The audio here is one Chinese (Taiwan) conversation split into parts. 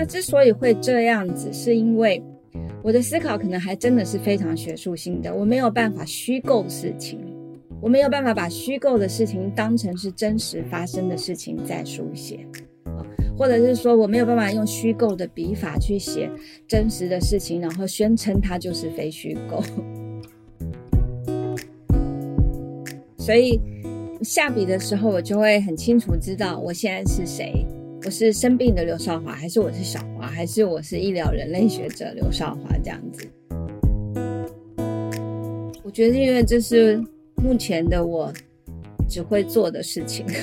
他之所以會這樣子，是因為我的思考可能還真的是非常學術性的，我沒有辦法虛構事情，我沒有辦法把虛構的事情當成是真實發生的事情在書寫，或者是說，我沒有辦法用虛構的筆法去寫真實的事情，然後宣稱它就是非虛構。所以下筆的時候，我就會很清楚知道我現在是誰。我是生病的劉紹華，還是我是小華，還是我是醫療人類學者劉紹華，這樣子？我覺得因為這是目前的我只會做的事情。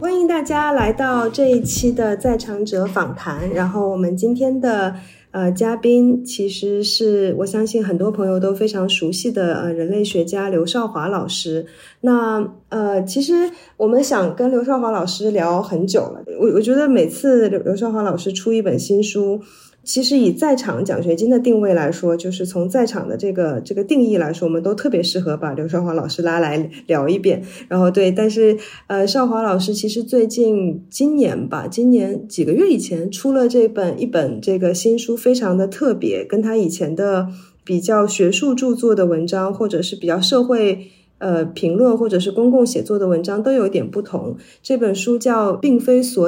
歡迎大家來到這一期的在場者訪談，然後我們今天的。呃，嘉賓其實，是我相信很多朋友都非常熟悉的呃，人類學家劉紹華老師。那呃，其實我們想跟劉紹華老師聊很久了。我我覺得每次劉劉紹華老師出一本新書。其實以在場獎學金的定位來說，就是從在場的這個這個定義來說，我們都特別適合把劉紹華老師拉來聊一遍。然後對，但是呃，紹華老師其實最近今年吧，今年幾個月以前出了這本一本這個新書，非常的特別，跟他以前的比較學術著作的文章，或者是比較社會，呃，評論或者是公共寫作的文章都有一點不同。這本書叫《病非如此》，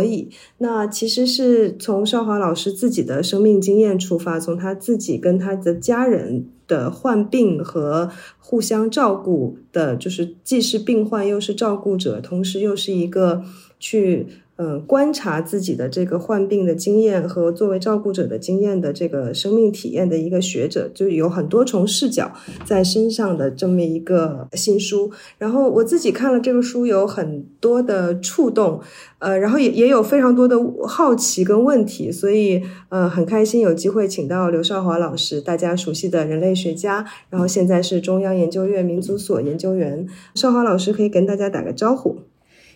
那其實是從紹華老師自己的生命經驗出發，從他自己跟他的家人的患病和互相照顧的，就是既是病患又是照顧者，同時又是一個去。嗯、呃，觀察自己的這個患病的經驗和作為照顧者的經驗的這個生命體驗的一個學者，就有很多重視角在身上的這麼一個新書。然後我自己看了這個書，有很多的觸動，呃，然後也也有非常多的好奇跟問題，所以呃很開心有機會請到劉紹華老師，大家熟悉的人類學家，然後現在是中央研究院民族所研究員。紹華老師可以跟大家打個招呼。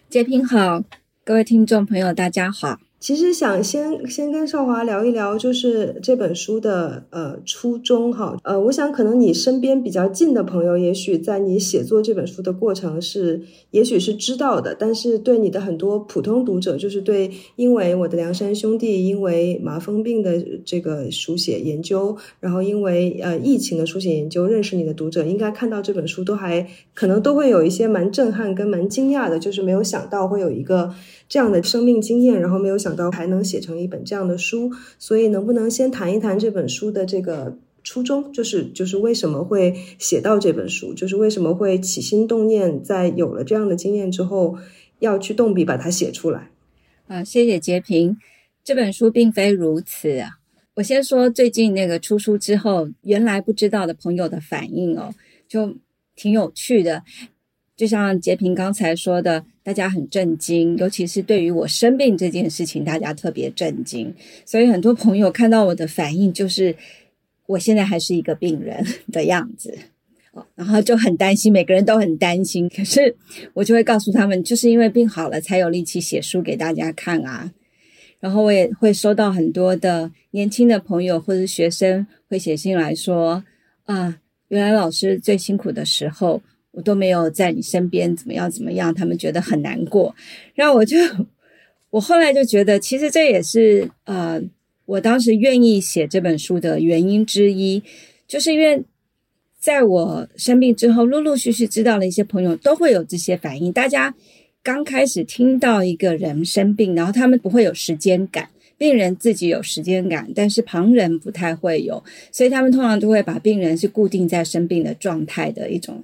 潔平好。各位聽眾朋友，大家好。其實想先先跟紹華聊一聊，就是這本書的呃初衷哈。呃，我想可能你身邊比較近的朋友，也許在你寫作這本書的過程是，也許是知道的。但是對你的很多普通讀者，就是對因為我的涼山兄弟，因為麻風病的這個書寫研究，然後因為呃疫情的書寫研究，認識你的讀者，應該看到這本書都還可能都會有一些蠻震撼跟蠻驚訝的，就是沒有想到會有一個。這樣的生命經驗，然後沒有想到還能寫成一本這樣的書，所以能不能先談一談這本書的這個初衷，就是就是為什麼會寫到這本書，就是為什麼會起心動念，在有了這樣的經驗之後，要去動筆把它寫出來？啊，謝謝潔平。這本書病非如此，啊。我先說最近那個出書之後，原來不知道的朋友的反應哦，就挺有趣的，就像潔平剛才說的。大家很震驚，尤其是對於我生病這件事情，大家特別震驚。所以很多朋友看到我的反應，就是我現在還是一個病人的樣子，然後就很擔心，每個人都很擔心。可是我就會告訴他們，就是因為病好了，才有力氣寫書給大家看啊。然後我也會收到很多的年輕的朋友或者學生會寫信來說：“啊，原來老師最辛苦的時候。”我都沒有在你身邊，怎麼樣？怎麼樣？他們覺得很難過，然後我就，我後來就覺得，其實這也是呃，我當時願意寫這本書的原因之一，就是因為在我生病之後，陸陸續續知道了一些朋友都會有這些反應。大家剛開始聽到一個人生病，然後他們不會有時間感，病人自己有時間感，但是旁人不太會有，所以他們通常都會把病人是固定在生病的狀態的一種，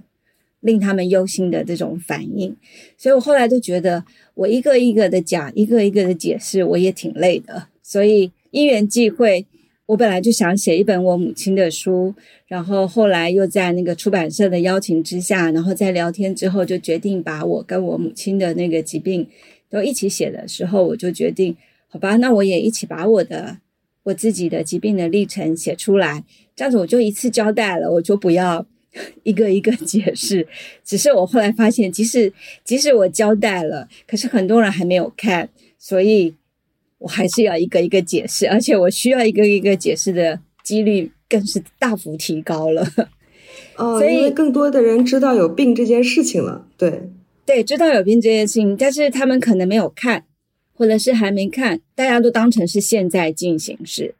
令他們憂心的這種反應，所以我後來就覺得，我一個一個的講，一個一個的解釋，我也挺累的。所以因緣際會，我本來就想寫一本我母親的書，然後後來又在那個出版社的邀請之下，然後在聊天之後，就決定把我跟我母親的那個疾病都一起寫的時候，我就決定，好吧，那我也一起把我的我自己的疾病的歷程寫出來，這樣子我就一次交代了，我就不要。一個一個解釋，只是我後來發現，即使即使我交代了，可是很多人還沒有看，所以我還是要一個一個解釋，而且我需要一個一個解釋的幾率更是大幅提高了。哦，所以因為更多的人知道有病這件事情了，對對，知道有病這件事情，但是他們可能沒有看，或者是還沒看，大家都當成是現在進行式。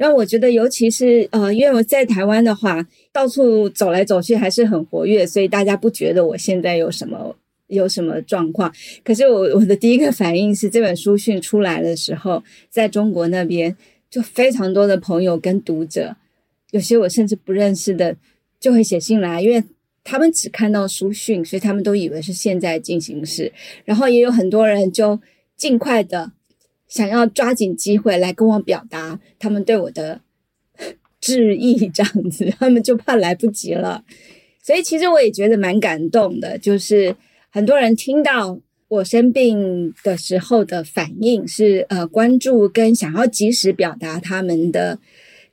讓我覺得，尤其是呃，因為我在台灣的話，到處走來走去還是很活躍，所以大家不覺得我現在有什麼有什麼狀況。可是我我的第一個反應是，這本書訊出來的時候，在中國那邊就非常多的朋友跟讀者，有些我甚至不認識的就會寫信來，因為他們只看到書訊，所以他們都以為是現在進行式。然後也有很多人就盡快的。想要抓緊機會來跟我表達他們對我的致意，這樣子他們就怕來不及了。所以其實我也覺得蠻感動的，就是很多人聽到我生病的時候的反應是呃，關注跟想要及時表達他們的、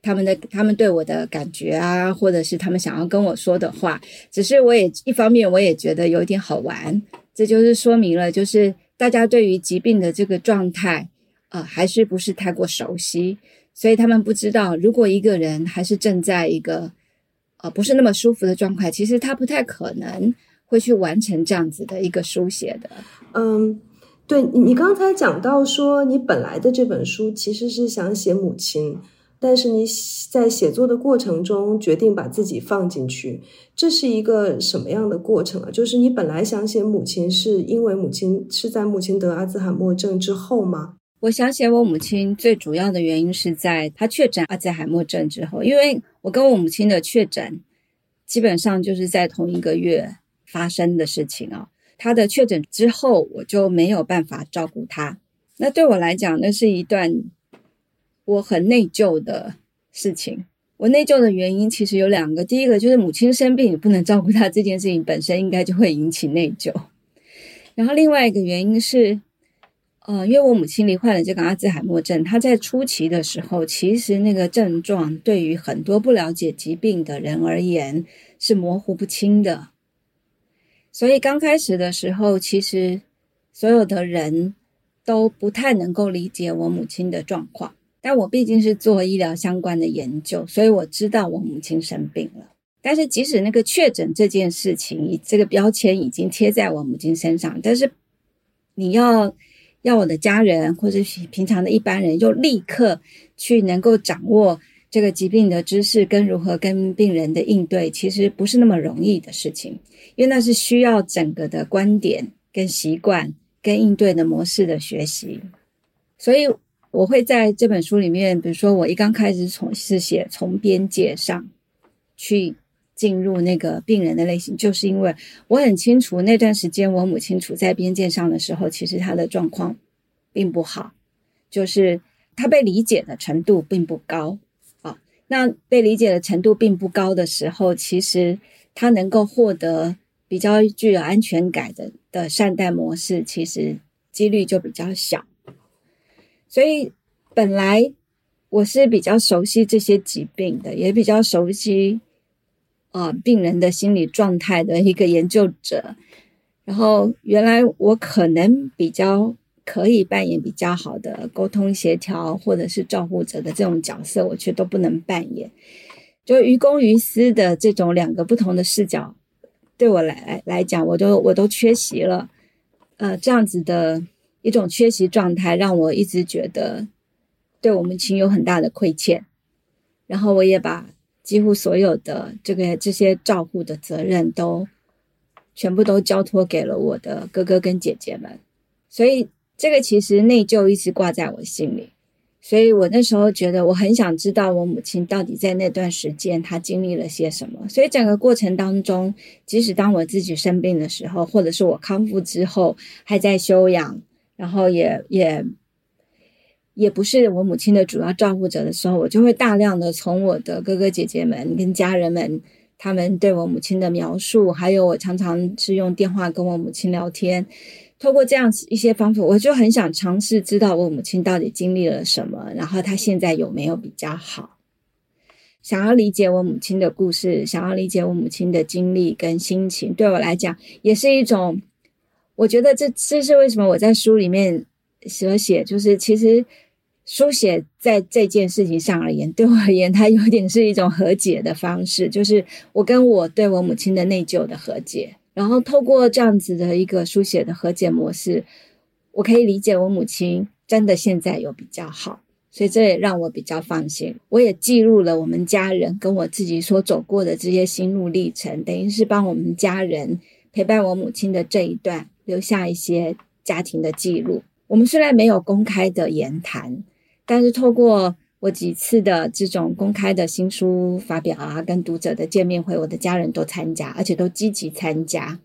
他們的、他們對我的感覺啊，或者是他們想要跟我說的話。只是我也一方面我也覺得有點好玩，這就是說明了就是大家對於疾病的這個狀態，呃，還是不是太過熟悉，所以他們不知道，如果一個人還是正在一個，呃，不是那麼舒服的狀態，其實他不太可能會去完成這樣子的一個書寫的。嗯，對你，你剛才講到說，你本來的這本書其實是想寫母親，但是你在寫作的過程中決定把自己放進去，這是一個什麼樣的過程啊？就是你本來想寫母親，是因為母親是在母親得阿茲海默症之後嗎？我想寫我母親最主要的原因是在她確診阿茲海默症之後，因為我跟我母親的確診基本上就是在同一個月發生的事情啊、哦。她的確診之後，我就沒有辦法照顧她。那對我來講，那是一段我很內疚的事情。我內疚的原因其實有兩個，第一個就是母親生病，你不能照顧她這件事情本身應該就會引起內疚，然後另外一個原因是。呃，因為我母親罹患了這個阿茲海默症，她在初期的時候，其實那個症狀對於很多不了解疾病的人而言是模糊不清的，所以剛開始的時候，其實所有的人都不太能夠理解我母親的狀況。但我畢竟是做醫療相關的研究，所以我知道我母親生病了。但是即使那個確診這件事情，這個標籤已經貼在我母親身上，但是你要。要我的家人或者是平常的一般人，就立刻去能夠掌握這個疾病的知識跟如何跟病人的應對，其實不是那麼容易的事情，因為那是需要整個的觀點、跟習慣、跟應對的模式的學習。所以我會在這本書裡面，比如說我一剛開始從是寫從邊界上去。進入那個病人的類型，就是因為我很清楚那段時間我母親處在邊界上的時候，其實她的狀況並不好，就是她被理解的程度並不高啊、哦。那被理解的程度並不高的時候，其實她能夠獲得比較具有安全感的的善待模式，其實幾率就比較小。所以本來我是比較熟悉這些疾病的，也比較熟悉。啊，病人的心理狀態的一個研究者，然後原來我可能比較可以扮演比較好的溝通協調或者是照顧者的這種角色，我卻都不能扮演。就於公於私的這種兩個不同的視角，對我來來講，我都我都缺席了。呃，這樣子的一種缺席狀態，讓我一直覺得對我們親有很大的虧欠。然後我也把。幾乎所有的這個這些照顧的責任都全部都交托給了我的哥哥跟姐姐們，所以這個其實內疚一直掛在我心裡。所以我那時候覺得我很想知道我母親到底在那段時間她經歷了些什麼。所以整個過程當中，即使當我自己生病的時候，或者是我康復之後還在休養，然後也也。也不是我母親的主要照顧者的時候，我就會大量的從我的哥哥姐姐們跟家人們，他們對我母親的描述，還有我常常是用電話跟我母親聊天，透過這樣一些方法，我就很想嘗試知道我母親到底經歷了什麼，然後她現在有沒有比較好，想要理解我母親的故事，想要理解我母親的經歷跟心情，對我來講也是一種，我覺得這這是為什麼我在書裡面所寫，就是其實。書寫在這件事情上而言，對我而言，它有點是一種和解的方式，就是我跟我對我母親的內疚的和解。然後透過這樣子的一個書寫的和解模式，我可以理解我母親真的現在有比較好，所以這也讓我比較放心。我也記錄了我們家人跟我自己所走過的這些心路歷程，等於是幫我們家人陪伴我母親的這一段留下一些家庭的記錄。我們雖然沒有公開的言談。但是透過我幾次的這種公開的新書發表啊，跟讀者的見面會，我的家人都參加，而且都積極參加。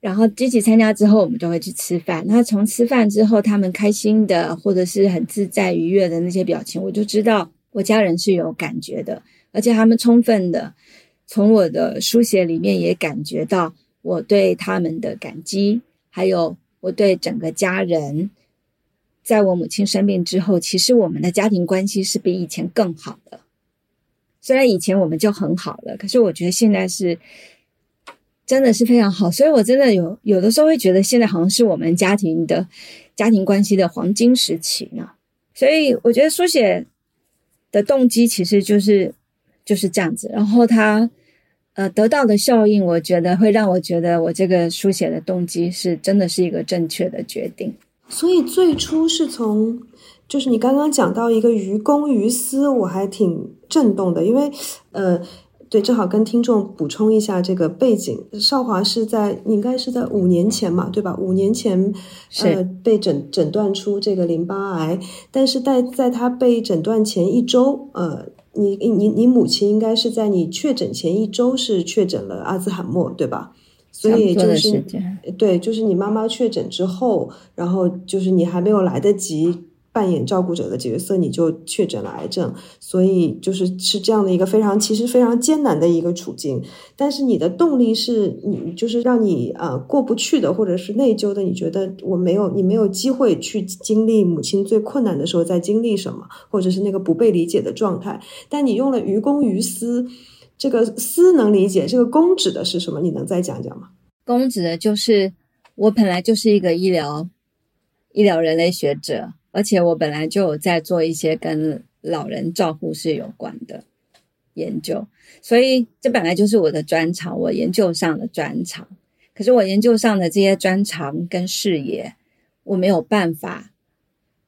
然後積極參加之後，我們就會去吃飯。那從吃飯之後，他們開心的或者是很自在愉悅的那些表情，我就知道我家人是有感覺的，而且他們充分的從我的書寫裡面也感覺到我對他們的感激，還有我對整個家人。在我母親生病之後，其實我們的家庭關係是比以前更好的。雖然以前我們就很好了，可是我覺得現在是真的是非常好。所以我真的有有的時候會覺得現在好像是我們家庭的，家庭關係的黃金時期呢。所以我覺得書寫的動機其實就是就是這樣子。然後他，呃，得到的效應，我覺得會讓我覺得我這個書寫的動機是真的是一個正確的決定。所以最初是從，就是你剛剛講到一個於公於私，我還挺震動的，因為，呃，對，正好跟聽眾補充一下這個背景。紹華是在應該是在五年前嘛，對吧？五年前，呃，是被診診斷出這個淋巴癌，但是在在他被診斷前一周，呃，你你你你母親應該是在你確診前一周是確診了阿茲海默，對吧？所以就是對，就是你媽媽確診之後，然後就是你還沒有來得及扮演照顧者的角色，你就確診了癌症。所以就是是這樣的一個非常其實非常艱難的一個處境。但是你的動力是你就是讓你呃，過不去的，或者是內疚的。你覺得我沒有你沒有機會去經歷母親最困難的時候在經歷什麼，或者是那個不被理解的狀態。但你用了於公於私。這個私能理解，這個公指的是什麼？你能再講講嗎？公指的就是我本來就是一個醫療、醫療人類學者，而且我本來就有在做一些跟老人照護是有關的研究，所以這本來就是我的專長，我研究上的專長。可是我研究上的這些專長跟視野，我沒有辦法，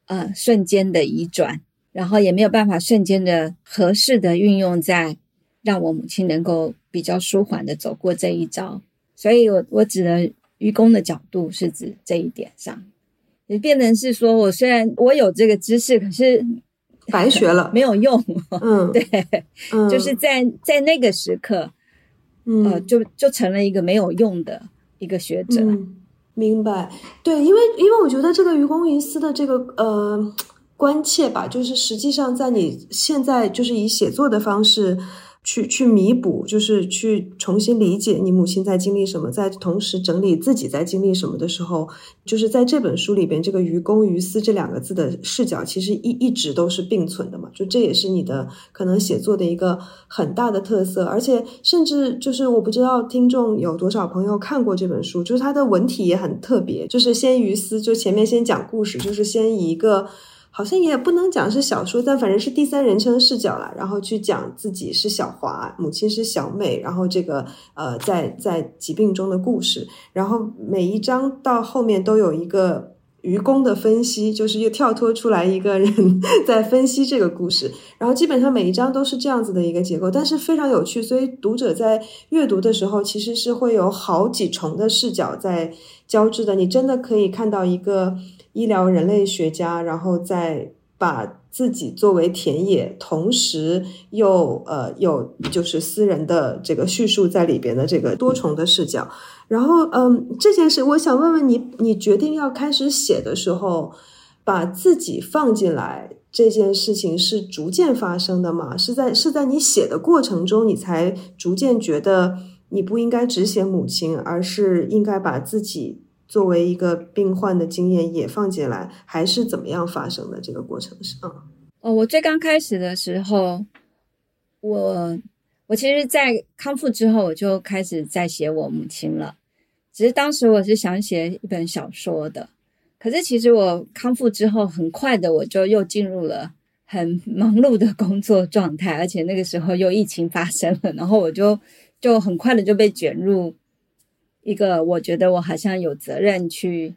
呃，瞬間的移轉，然後也沒有辦法瞬間的合適的運用在。讓我母親能夠比較舒緩的走過這一招，所以我我只能愚公的角度是指這一點上，也變成是說我雖然我有這個知識，可是白學了沒有用。嗯， 對嗯，就是在在那個時刻，嗯，呃、就就成了一個沒有用的一個學者。嗯、明白，對，因為因為我覺得這個愚公移司的這個呃關切吧，就是實際上在你現在就是以寫作的方式。去去彌補，就是去重新理解你母親在經歷什麼，在同時整理自己在經歷什麼的時候，就是在這本書裡邊，這個“於公於私”這兩個字的視角，其實一一直都是並存的嘛。就這也是你的可能寫作的一個很大的特色，而且甚至就是我不知道聽眾有多少朋友看過這本書，就是它的文體也很特別，就是先於私，就前面先講故事，就是先以一個。好像也不能講是小說，但反正是第三人稱視角了。然後去講自己是小華，母親是小美，然後這個呃，在在疾病中的故事。然後每一章到後面都有一個愚公的分析，就是又跳脫出來一個人在分析這個故事。然後基本上每一章都是這樣子的一個結構，但是非常有趣，所以讀者在閱讀的時候其實是會有好幾重的視角在交織的。你真的可以看到一個。醫療人類學家，然後再把自己作為田野，同時又呃有就是私人的這個敘述在裡邊的這個多重的視角。然後嗯，這件事我想問問你，你決定要開始寫的時候，把自己放進來這件事情是逐漸發生的嗎？是在是在你寫的過程中，你才逐漸覺得你不應該只寫母親，而是應該把自己作為一個病患的經驗也放進來，還是怎麼樣發生的這個過程是？嗯，哦，我最剛開始的時候，我我其實，在康復之後，我就開始在寫我母親了。只是當時我是想寫一本小說的，可是其實我康復之後，很快的我就又進入了很忙碌的工作狀態，而且那個時候又疫情發生了，然後我就就很快的就被捲入。一個我覺得我好像有責任去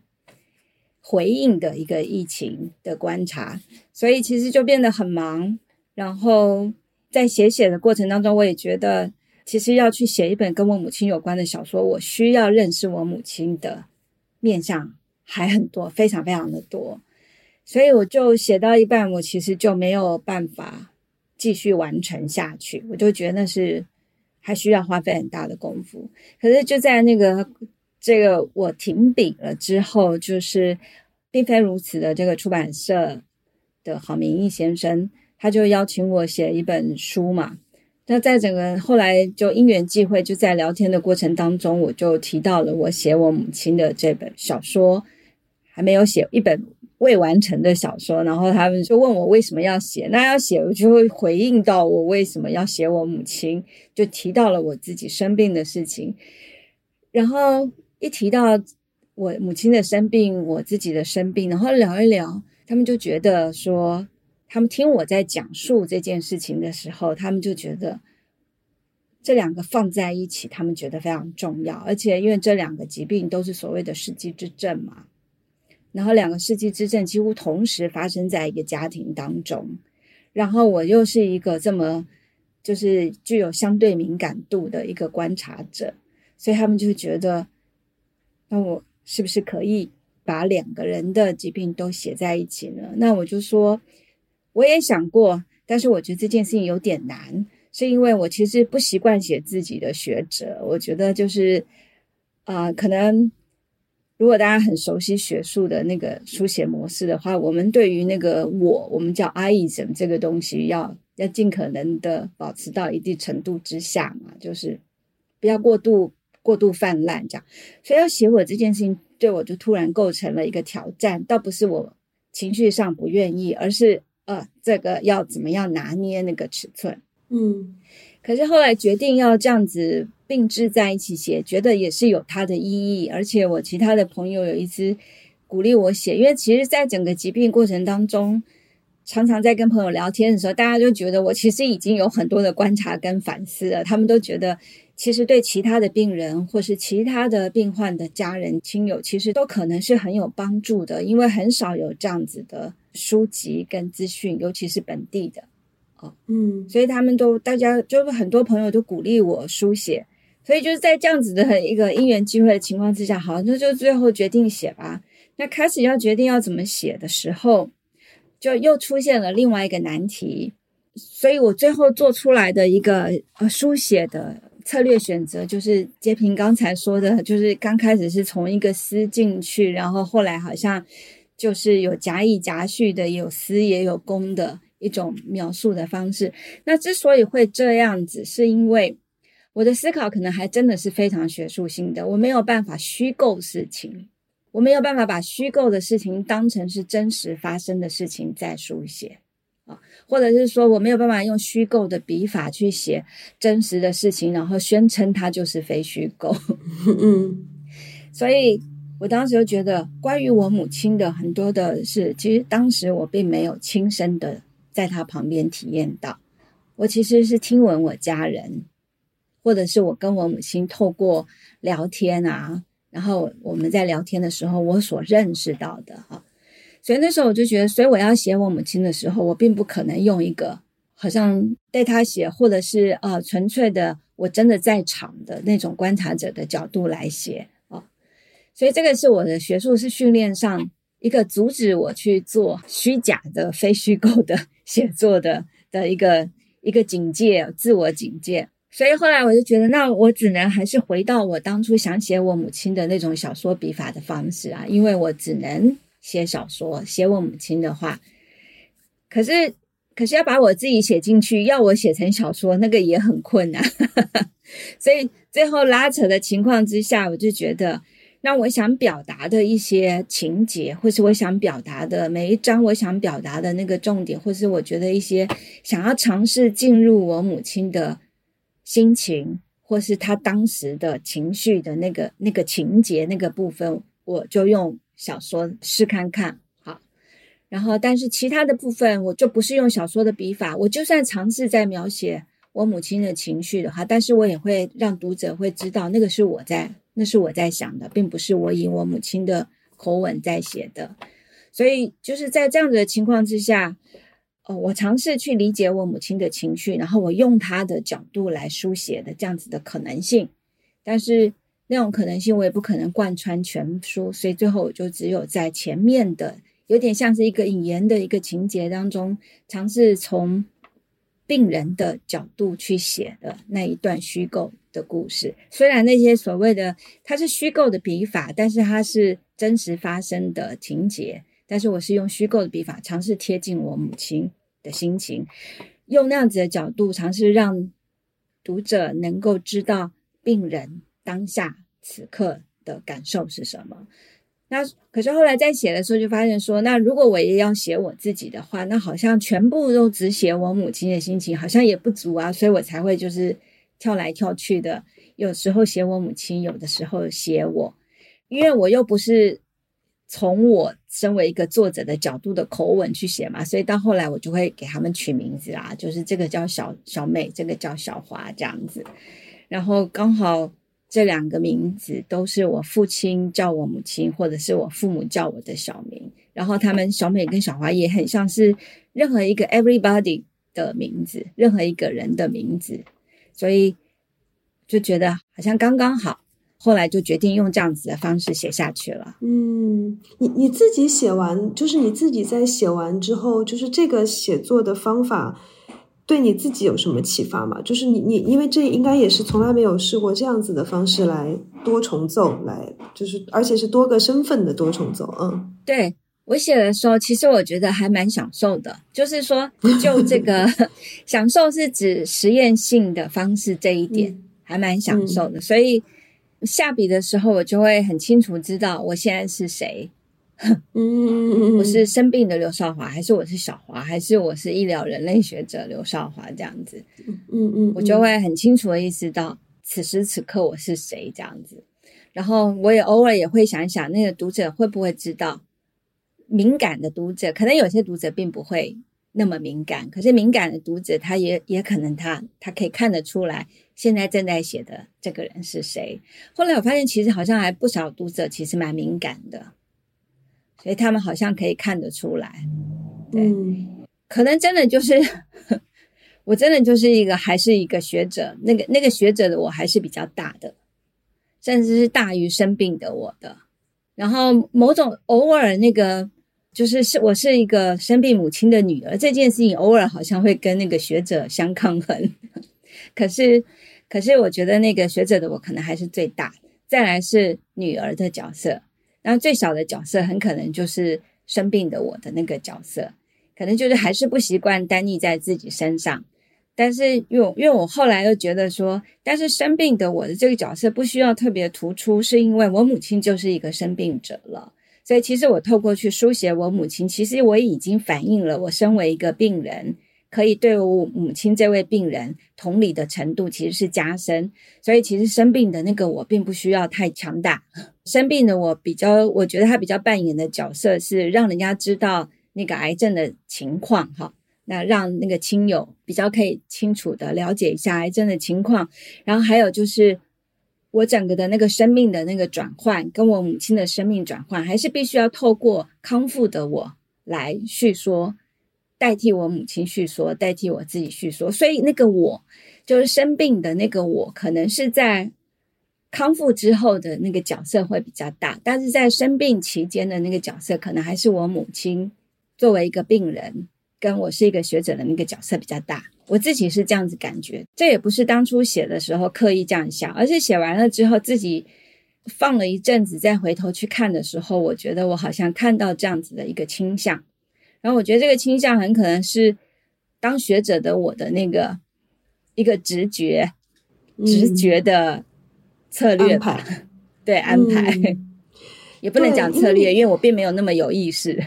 回應的一個疫情的觀察，所以其實就變得很忙。然後在寫寫的過程當中，我也覺得其實要去寫一本跟我母親有關的小說，我需要認識我母親的面向還很多，非常非常的多。所以我就寫到一半，我其實就沒有辦法繼續完成下去，我就覺得那是。還需要花費很大的功夫。可是就在那個這個我停筆了之後，就是並非如此的這個出版社的郝明義先生，他就邀請我寫一本書嘛。那在整個後來就因緣際會，就在聊天的過程當中，我就提到了我寫我母親的這本小說，還沒有寫一本。未完成的小說，然後他們就問我為什麼要寫，那要寫我就會回應到我為什麼要寫我母親，就提到了我自己生病的事情，然後一提到我母親的生病，我自己的生病，然後聊一聊，他們就覺得說，他們聽我在講述這件事情的時候，他們就覺得這兩個放在一起，他們覺得非常重要，而且因為這兩個疾病都是所謂的世紀之症嘛。然後兩個世紀之症幾乎同時發生在一個家庭當中，然後我又是一個這麼就是具有相對敏感度的一個觀察者，所以他們就會覺得，那我是不是可以把兩個人的疾病都寫在一起呢？那我就說，我也想過，但是我覺得這件事情有點難，是因為我其實不習慣寫自己的學者，我覺得就是啊、呃，可能。如果大家很熟悉學術的那個書寫模式的話，我們對於那個我，我們叫 I-ism 這個東西要，要要盡可能的保持到一定程度之下嘛，就是不要過度過度泛濫這樣。所以要寫我這件事情，對我就突然構成了一個挑戰，倒不是我情緒上不願意，而是呃，這個要怎麼樣拿捏那個尺寸，嗯。可是後來決定要這樣子並置在一起寫，覺得也是有它的意義。而且我其他的朋友有一次鼓勵我寫，因為其實，在整個疾病過程當中，常常在跟朋友聊天的時候，大家就覺得我其實已經有很多的觀察跟反思了。他們都覺得，其實對其他的病人或是其他的病患的家人親友，其實都可能是很有幫助的，因為很少有這樣子的書籍跟資訊，尤其是本地的。哦、oh,，嗯，所以他們都，大家就是很多朋友都鼓勵我書寫，所以就是在這樣子的一個因緣機會的情況之下，好，那就最後決定寫吧。那開始要決定要怎麼寫的時候，就又出現了另外一個難題。所以我最後做出來的一個呃書寫的策略選擇，就是潔平剛才說的，就是剛開始是從一個私進去，然後後來好像就是有夾議夾敘的，有私也有公的。一種描述的方式。那之所以會這樣子，是因為我的思考可能還真的是非常學術性的。我沒有辦法虛構事情，我沒有辦法把虛構的事情當成是真實發生的事情在書寫啊，或者是說我沒有辦法用虛構的筆法去寫真實的事情，然後宣稱它就是非虛構。嗯， 所以我當時就覺得，關於我母親的很多的事，其實當時我並沒有親身的。在他旁邊體驗到，我其實是聽聞我家人，或者是我跟我母親透過聊天啊，然後我們在聊天的時候，我所認識到的啊。所以那時候我就覺得，所以我要寫我母親的時候，我並不可能用一個好像代他寫，或者是啊純粹的我真的在場的那種觀察者的角度來寫啊，所以這個是我的學術是訓練上一個阻止我去做虛假的非虛構的。寫作的的一個一個警戒，自我警戒，所以後來我就覺得，那我只能還是回到我當初想寫我母親的那種小說筆法的方式啊，因為我只能寫小說，寫我母親的話。可是，可是要把我自己寫進去，要我寫成小說，那個也很困難。 所以最後拉扯的情況之下，我就覺得。那我想表達的一些情節，或是我想表達的每一章，我想表達的那個重點，或是我覺得一些想要嘗試進入我母親的心情，或是她當時的情緒的那個那個情節那個部分，我就用小說試看看。好，然後但是其他的部分，我就不是用小說的筆法，我就算嘗試在描寫我母親的情緒的話，但是我也會讓讀者會知道那個是我在。那是我在想的，並不是我以我母親的口吻在寫的，所以就是在這樣子的情況之下，呃、哦，我嘗試去理解我母親的情緒，然後我用她的角度來書寫的這樣子的可能性，但是那種可能性我也不可能貫穿全書，所以最後我就只有在前面的有點像是一個引言的一個情節當中，嘗試從病人的角度去寫的那一段虛構的故事。雖然那些所謂的它是虛構的筆法，但是它是真實發生的情節。但是我是用虛構的筆法嘗試貼近我母親的心情，用那樣子的角度嘗試讓讀者能夠知道病人當下此刻的感受是什麼。那可是後來在寫的時候就發現說，那如果我也要寫我自己的話，那好像全部都只寫我母親的心情，好像也不足啊。所以我才會就是。跳來跳去的，有時候寫我母親，有的時候寫我，因為我又不是從我身為一個作者的角度的口吻去寫嘛，所以到後來我就會給他們取名字啦，就是這個叫小小美，這個叫小華這樣子。然後剛好這兩個名字都是我父親叫我母親，或者是我父母叫我的小名。然後他們小美跟小華也很像是任何一個 everybody 的名字，任何一個人的名字。所以就覺得好像剛剛好，後來就決定用這樣子的方式寫下去了。嗯，你你自己寫完，就是你自己在寫完之後，就是這個寫作的方法對你自己有什麼啟發嗎？就是你你因為這應該也是從來沒有試過這樣子的方式來多重奏，來就是而且是多個身份的多重奏。嗯，對。我寫的時候，其實我覺得還蠻享受的。就是說，就這個 享受是指實驗性的方式這一點，嗯、還蠻享受的。嗯、所以下筆的時候，我就會很清楚知道我現在是誰。嗯，嗯，嗯，我是生病的劉紹華，還是我是小華，還是我是醫療人類學者劉紹華這樣子。嗯嗯，嗯，我就會很清楚的意識到此時此刻我是誰這樣子。然後我也偶爾也會想一想，那個讀者會不會知道。敏感的讀者，可能有些讀者並不會那麼敏感，可是敏感的讀者，他也也可能他他可以看得出來，現在正在寫的這個人是誰。後來我發現，其實好像還不少讀者其實蠻敏感的，所以他們好像可以看得出來。對。嗯。可能真的就是，我真的就是一個還是一個學者，那個那個學者的我還是比較大的，甚至是大於生病的我的。然後某種偶爾那個。就是是我是一個生病母親的女兒這件事情，偶爾好像會跟那個學者相抗衡，可是，可是我覺得那個學者的我可能還是最大。再來是女兒的角色，然後最小的角色很可能就是生病的我的那個角色，可能就是還是不習慣耽溺在自己身上。但是，因為因為我後來又覺得說，但是生病的我的這個角色不需要特別突出，是因為我母親就是一個生病者了。所以，其實我透過去書寫我母親，其實我已經反映了我身為一個病人，可以對我母親這位病人同理的程度其實是加深。所以，其實生病的那個我並不需要太強大，生病的我比較，我覺得他比較扮演的角色是讓人家知道那個癌症的情況，哈，那讓那個親友比較可以清楚的了解一下癌症的情況，然後還有就是。我整個的那個生命的那個轉換，跟我母親的生命轉換，還是必須要透過康復的我來敘說，代替我母親敘說，代替我自己敘說。所以那個我，就是生病的那個我，可能是在康復之後的那個角色會比較大，但是在生病期間的那個角色，可能還是我母親作為一個病人，跟我是一個學者的那個角色比較大。我自己是這樣子感覺，這也不是當初寫的時候刻意這樣想，而是寫完了之後自己放了一陣子，再回頭去看的時候，我覺得我好像看到這樣子的一個傾向，然後我覺得這個傾向很可能是當學者的我的那個一個直覺、嗯，直覺的策略吧，對，安排、嗯，也不能講策略，因為我並沒有那麼有意識。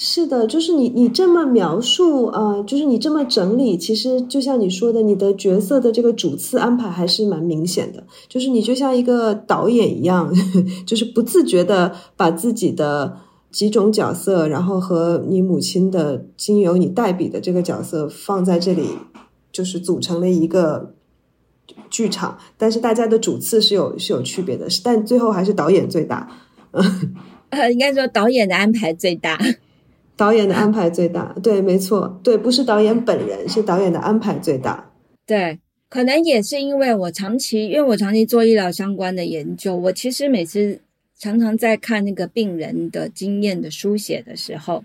是的，就是你你這麼描述啊，呃，就是你這麼整理，其實就像你說的，你的角色的這個主次安排還是蠻明顯的。就是你就像一個導演一樣，呵呵，就是不自覺的把自己的幾種角色，然後和你母親的經由你代筆的這個角色放在這裡，就是組成了一個劇場。但是大家的主次是有是有區別的，但最後還是導演最大。呵呵。呃，應該說導演的安排最大。導演的安排最大，對，沒錯，對，不是導演本人，是導演的安排最大。對，可能也是因為我長期，因為我長期做醫療相關的研究，我其實每次常常在看那個病人的經驗的書寫的時候，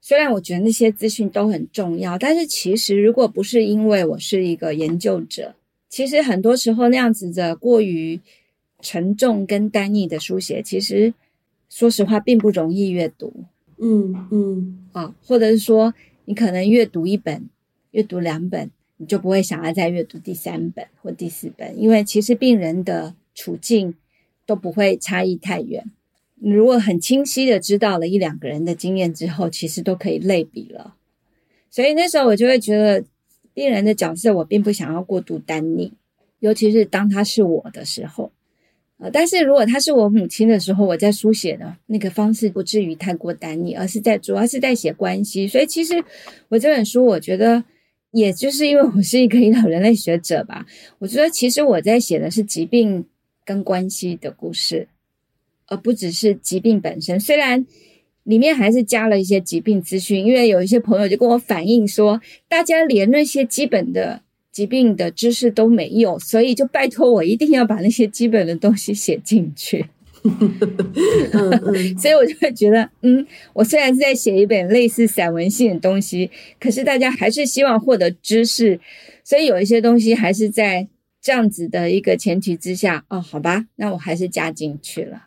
雖然我覺得那些資訊都很重要，但是其實如果不是因為我是一個研究者，其實很多時候那樣子的過於沉重跟單一的書寫，其實說實話並不容易閱讀。嗯嗯，啊，或者是說，你可能閱讀一本，閱讀兩本，你就不會想要再閱讀第三本或第四本，因為其實病人的處境都不會差異太遠。你如果很清晰的知道了一兩個人的經驗之後，其實都可以類比了。所以那時候我就會覺得，病人的角色我並不想要過度耽溺，尤其是當他是我的時候。但是如果她是我母親的時候，我在書寫的那個方式不至於太過單一，而是在主要是在寫關係。所以其實我這本書，我覺得也就是因為我是一個醫療人類學者吧，我覺得其實我在寫的是疾病跟關係的故事，而不只是疾病本身。雖然裡面還是加了一些疾病資訊，因為有一些朋友就跟我反映說，大家連那些基本的。疾病的知識都沒有，所以就拜託我一定要把那些基本的東西寫進去。 所以我就會覺得，嗯，我雖然是在寫一本類似散文性的東西，可是大家還是希望獲得知識，所以有一些東西還是在這樣子的一個前提之下，哦，好吧，那我還是加進去了，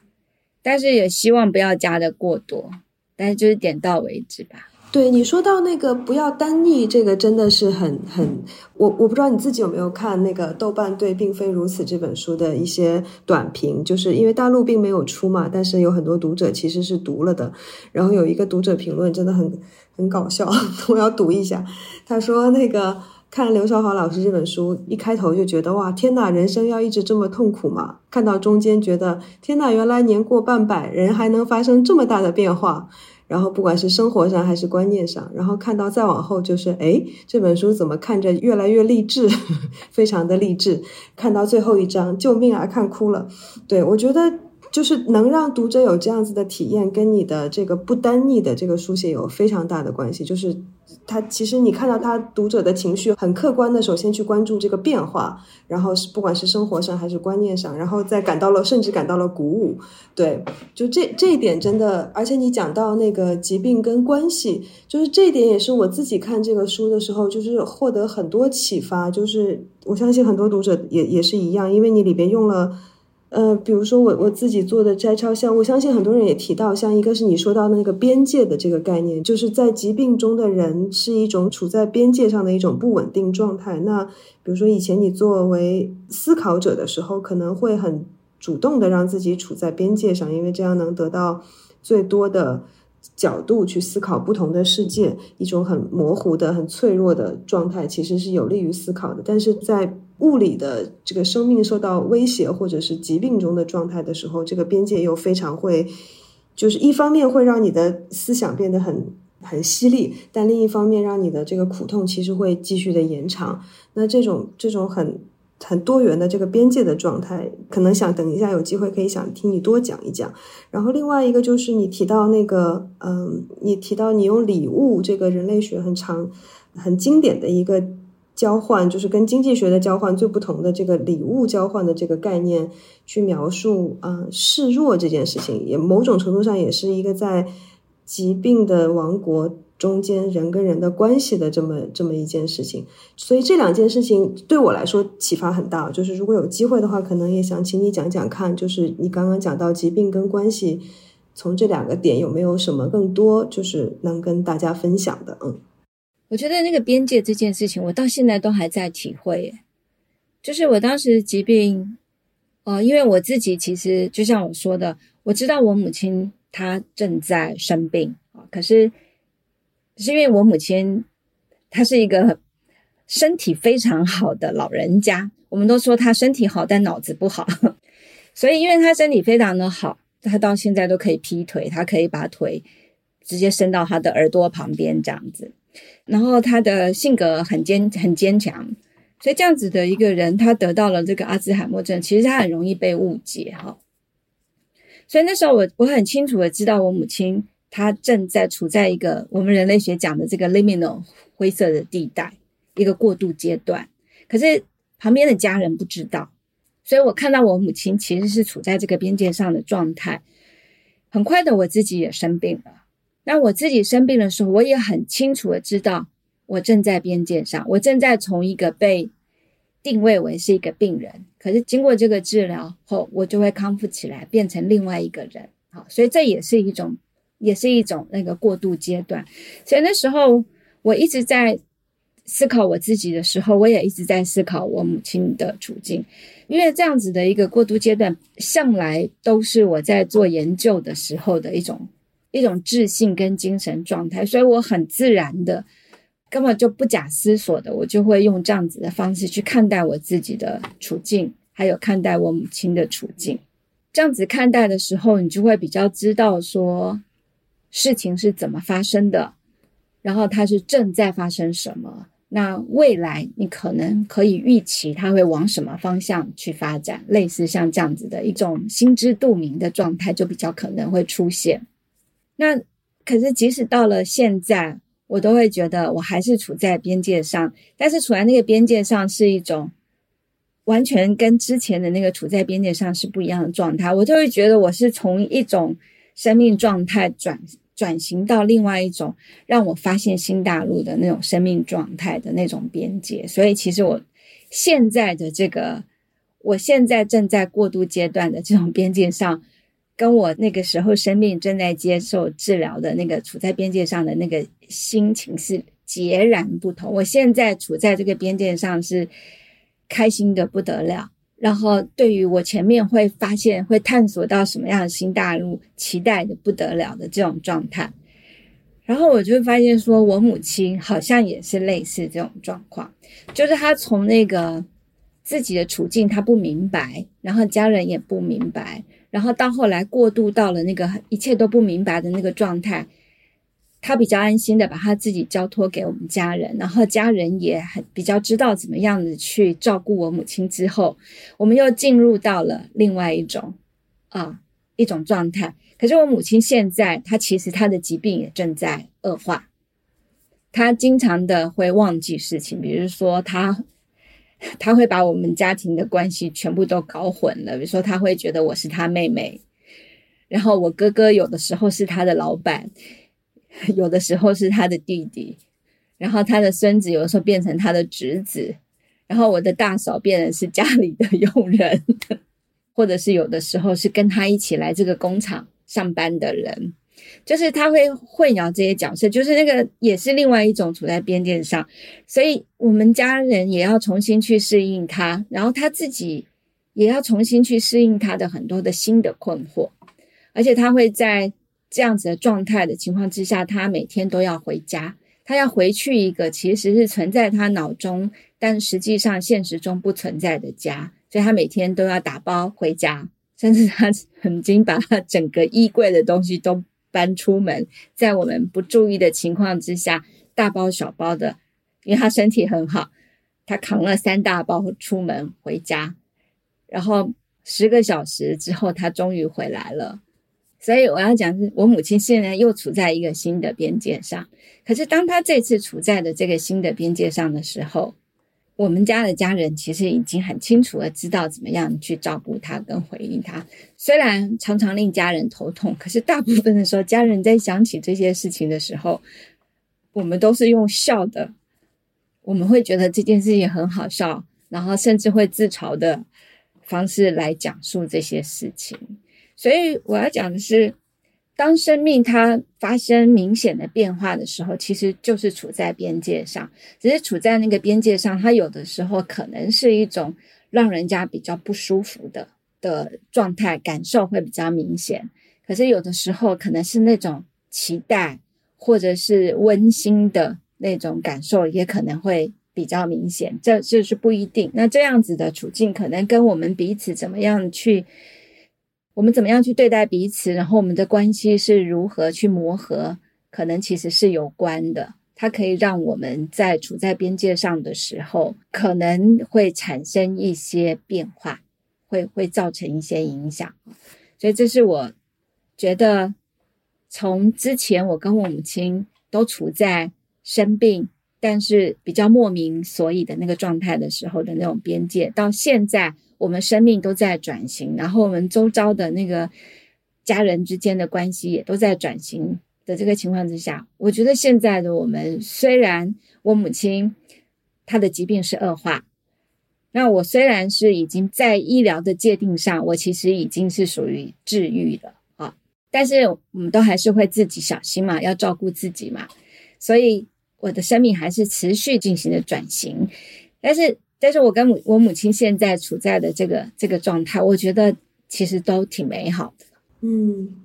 但是也希望不要加的過多，但是就是點到為止吧。對，你說到那個不要單逆，這個真的是很很，我我不知道你自己有沒有看那個豆瓣對《病非如此》這本書的一些短評，就是因為大陸並沒有出嘛，但是有很多讀者其實是讀了的。然後有一個讀者評論真的很很搞笑，我要讀一下。他說那個看劉紹華老師這本書，一開頭就覺得哇天吶，人生要一直這麼痛苦嘛？看到中間覺得天吶，原來年過半百人還能發生這麼大的變化。然後不管是生活上還是觀念上，然後看到再往後就是，誒，這本書怎麼看着越來越勵志？呵呵，非常的勵志。看到最後一章，救命啊，看哭了。對，我覺得。就是能讓讀者有這樣子的體驗，跟你的這個不單逆的這個書寫有非常大的關係。就是他其實你看到他讀者的情緒很客觀的，首先去關注這個變化，然後是不管是生活上還是觀念上，然後再感到了甚至感到了鼓舞。對，就這這一點真的，而且你講到那個疾病跟關係，就是這一點也是我自己看這個書的時候，就是獲得很多啟發。就是我相信很多讀者也也是一樣，因為你裡邊用了。呃，比如說我我自己做的摘抄，項目，我相信很多人也提到，像一個是你說到的那個邊界的這個概念，就是在疾病中的人是一種處在邊界上的一種不穩定狀態。那比如說以前你作為思考者的時候，可能會很主動的讓自己處在邊界上，因為這樣能得到最多的角度去思考不同的世界。一種很模糊的、很脆弱的狀態，其實是有利於思考的，但是在。物理的這個生命受到威脅，或者是疾病中的狀態的時候，這個邊界又非常會，就是一方面會讓你的思想變得很很犀利，但另一方面讓你的這個苦痛其實會繼續的延長。那這種這種很很多元的這個邊界的狀態，可能想等一下有機會可以想聽你多講一講。然後另外一個就是你提到那個，嗯，你提到你用禮物這個人類學很長很經典的一個。交換就是跟經濟學的交換最不同的這個禮物交換的這個概念去描述啊、呃、示弱這件事情，也某種程度上也是一個在疾病的王國中間人跟人的關係的這麼這麼一件事情。所以這兩件事情對我來說啟發很大。就是如果有機會的話，可能也想請你講講看，就是你剛剛講到疾病跟關係，從這兩個點有沒有什麼更多就是能跟大家分享的？嗯。我覺得那個邊界這件事情，我到現在都還在體會耶。就是我當時疾病，呃，因為我自己其實就像我說的，我知道我母親她正在生病，可是，是因為我母親她是一個身體非常好的老人家。我們都說她身體好，但腦子不好。所以，因為她身體非常的好，她到現在都可以劈腿，她可以把腿直接伸到她的耳朵旁邊這樣子。然後他的性格很堅很堅強，所以這樣子的一個人，他得到了這個阿茲海默症，其實他很容易被誤解哈、哦。所以那時候我我很清楚的知道我母親她正在處在一個我們人類學講的這個 liminal 灰色的地帶，一個過渡階段。可是旁邊的家人不知道，所以我看到我母親其實是處在這個邊界上的狀態。很快的，我自己也生病了。那我自己生病的時候，我也很清楚的知道，我正在邊界上，我正在從一個被定位為是一個病人，可是經過這個治療後，我就會康復起來，變成另外一個人。好，所以這也是一種，也是一種那個過渡階段。所以那時候我一直在思考我自己的時候，我也一直在思考我母親的處境，因為這樣子的一個過渡階段，向來都是我在做研究的時候的一種。一種自信跟精神狀態，所以我很自然的，根本就不假思索的，我就會用這樣子的方式去看待我自己的處境，還有看待我母親的處境。這樣子看待的時候，你就會比較知道說事情是怎麼發生的，然後它是正在發生什麼，那未來你可能可以預期它會往什麼方向去發展。類似像這樣子的一種心知肚明的狀態，就比較可能會出現。那可是，即使到了現在，我都會覺得我還是處在邊界上。但是處在那個邊界上是一種完全跟之前的那個處在邊界上是不一樣的狀態。我就會覺得我是從一種生命狀態轉轉型到另外一種讓我發現新大陸的那種生命狀態的那種邊界。所以，其實我現在的這個，我現在正在過渡階段的這種邊界上，跟我那個時候生病正在接受治療的那個處在邊界上的那個心情是截然不同。我現在處在這個邊界上是開心的不得了，然後對於我前面會發現會探索到什麼樣的新大陸，期待的不得了的這種狀態。然後我就發現說，我母親好像也是類似這種狀況，就是她從那個自己的處境她不明白，然後家人也不明白。然後到後來，過渡到了那個一切都不明白的那個狀態，他比較安心的把他自己交托給我們家人，然後家人也很比較知道怎麼樣子去照顧我母親。之後，我們又進入到了另外一種啊一種狀態。可是我母親現在，她其實她的疾病也正在惡化，她經常的會忘記事情，比如說她。他會把我們家庭的關係全部都搞混了。比如說，他會覺得我是他妹妹，然後我哥哥有的時候是他的老闆，有的時候是他的弟弟，然後他的孫子有的時候變成他的侄子，然後我的大嫂變成是家裡的傭人，或者是有的時候是跟他一起來這個工廠上班的人。就是他會混淆這些角色，就是那個也是另外一種處在邊界上，所以我們家人也要重新去適應他，然後他自己也要重新去適應他的很多的新的困惑，而且他會在這樣子的狀態的情況之下，他每天都要回家，他要回去一個其實是存在他腦中，但實際上現實中不存在的家，所以他每天都要打包回家，甚至他曾經把他整個衣櫃的東西都。搬出門，在我們不注意的情況之下，大包小包的，因為他身體很好，他扛了三大包出門回家，然後十個小時之後，他終於回來了。所以我要講，是我母親現在又處在一個新的邊界上。可是，當他這次處在了這個新的邊界上的時候，我們家的家人其實已經很清楚的知道怎麼樣去照顧他跟回應他，雖然常常令家人頭痛，可是大部分的時候，家人在想起這些事情的時候，我們都是用笑的，我們會覺得這件事情很好笑，然後甚至會自嘲的方式來講述這些事情。所以我要講的是。當生命它發生明顯的變化的時候，其實就是處在邊界上，只是處在那個邊界上，它有的時候可能是一種讓人家比較不舒服的的狀態，感受會比較明顯。可是有的時候可能是那種期待或者是溫馨的那種感受，也可能會比較明顯，這就是不一定。那這樣子的處境，可能跟我們彼此怎麼樣去。我們怎麼樣去對待彼此，然後我們的關係是如何去磨合，可能其實是有關的。它可以讓我們在處在邊界上的時候，可能會產生一些變化，會會造成一些影響。所以這是我覺得，從之前我跟我母親都處在生病。但是比較莫名所以的那個狀態的時候的那種邊界，到現在我們生命都在轉型，然後我們周遭的那個家人之間的關係也都在轉型的這個情況之下，我覺得現在的我們，雖然我母親她的疾病是惡化，那我雖然是已經在醫療的界定上，我其實已經是屬於治癒了啊，但是我們都還是會自己小心嘛，要照顧自己嘛，所以。我的生命還是持續進行的轉型，但是，但是我跟母，我母親現在處在的這個這個狀態，我覺得其實都挺美好的。嗯，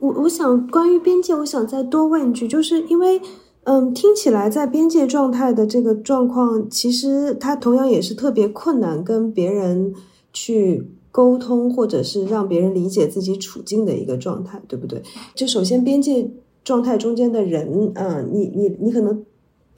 我我想關於邊界，我想再多問一句，就是因為，嗯，聽起來在邊界狀態的這個狀況，其實它同樣也是特別困難，跟別人去溝通，或者是讓別人理解自己處境的一個狀態，對不對？就首先，邊界狀態中間的人，嗯，你你你可能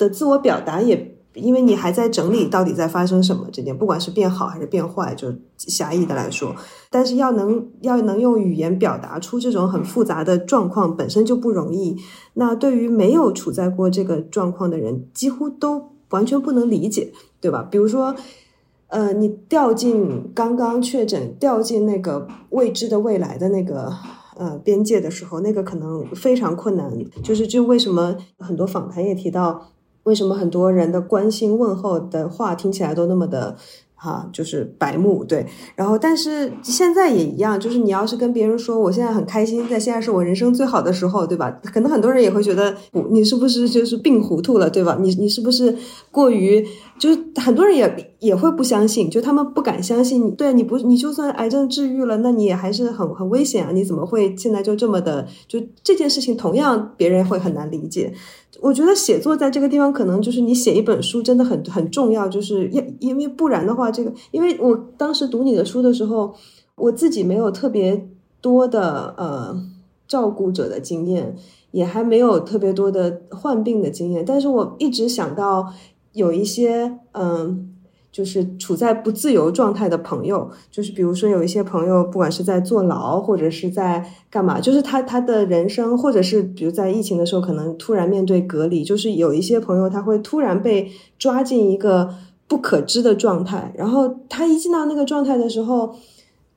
的自我表達也，因為你還在整理到底在發生什麼這點，不管是變好還是變壞，就狹義的來說，但是要能要能用語言表達出這種很複雜的狀況本身就不容易。那對於沒有處在過這個狀況的人，幾乎都完全不能理解，對吧？比如說，呃，你掉進剛剛確診，掉進那個未知的未來的那個，呃邊界的時候，那個可能非常困難。就是就為什麼很多訪談也提到。為什麼很多人的關心問候的話聽起來都那麼的哈、啊，就是白目對？然後，但是現在也一樣，就是你要是跟別人說我現在很開心，在現在是我人生最好的時候，對吧？可能很多人也會覺得你你是不是就是病糊塗了，對吧？你你是不是過於就是很多人也也會不相信，就他們不敢相信，對、啊，你不你就算癌症治癒了，那你也還是很很危險啊！你怎麼會現在就這麼的？就這件事情同樣別人會很難理解。我覺得寫作在這個地方可能就是你寫一本書真的很很重要，就是因因為不然的話，這個因為我當時讀你的書的時候，我自己沒有特別多的呃照顧者的經驗，也還沒有特別多的患病的經驗，但是我一直想到有一些嗯。呃就是處在不自由狀態的朋友，就是比如說有一些朋友，不管是在坐牢或者是在幹嘛，就是他他的人生，或者是比如在疫情的時候，可能突然面對隔離，就是有一些朋友他會突然被抓進一個不可知的狀態，然後他一進到那個狀態的時候，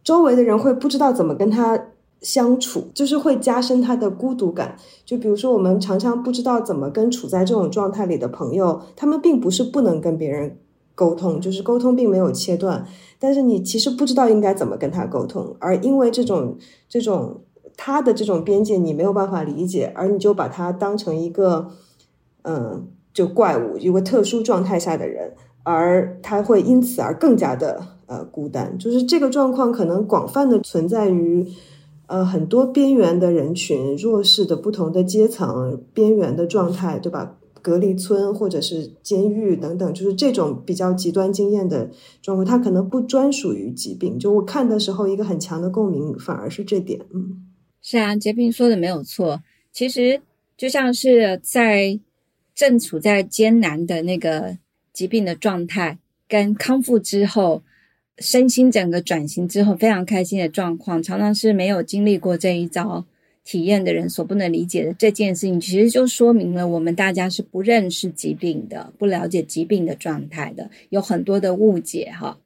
周圍的人會不知道怎麼跟他相處，就是會加深他的孤獨感。就比如說我們常常不知道怎麼跟處在這種狀態裡的朋友，他們並不是不能跟別人。溝通就是溝通，並沒有切斷，但是你其實不知道應該怎麼跟他溝通，而因為這種這種他的這種邊界，你沒有辦法理解，而你就把他當成一個，嗯、呃，就怪物，一個特殊狀態下的人，而他會因此而更加的呃孤單。就是這個狀況可能廣泛的存在於呃很多邊緣的人群、弱勢的不同的階層、邊緣的狀態，對吧？隔離村或者是監獄等等，就是這種比較極端經驗的狀況，它可能不專屬於疾病。就我看的時候，一個很強的共鳴反而是這點。嗯，是啊，潔平說的沒有錯。其實就像是在正處在艱難的那個疾病的狀態，跟康復之後身心整個轉型之後非常開心的狀況，常常是沒有經歷過這一遭。體驗的人所不能理解的這件事情，其實就說明了我們大家是不認識疾病的、不了解疾病的狀態的，有很多的誤解哈。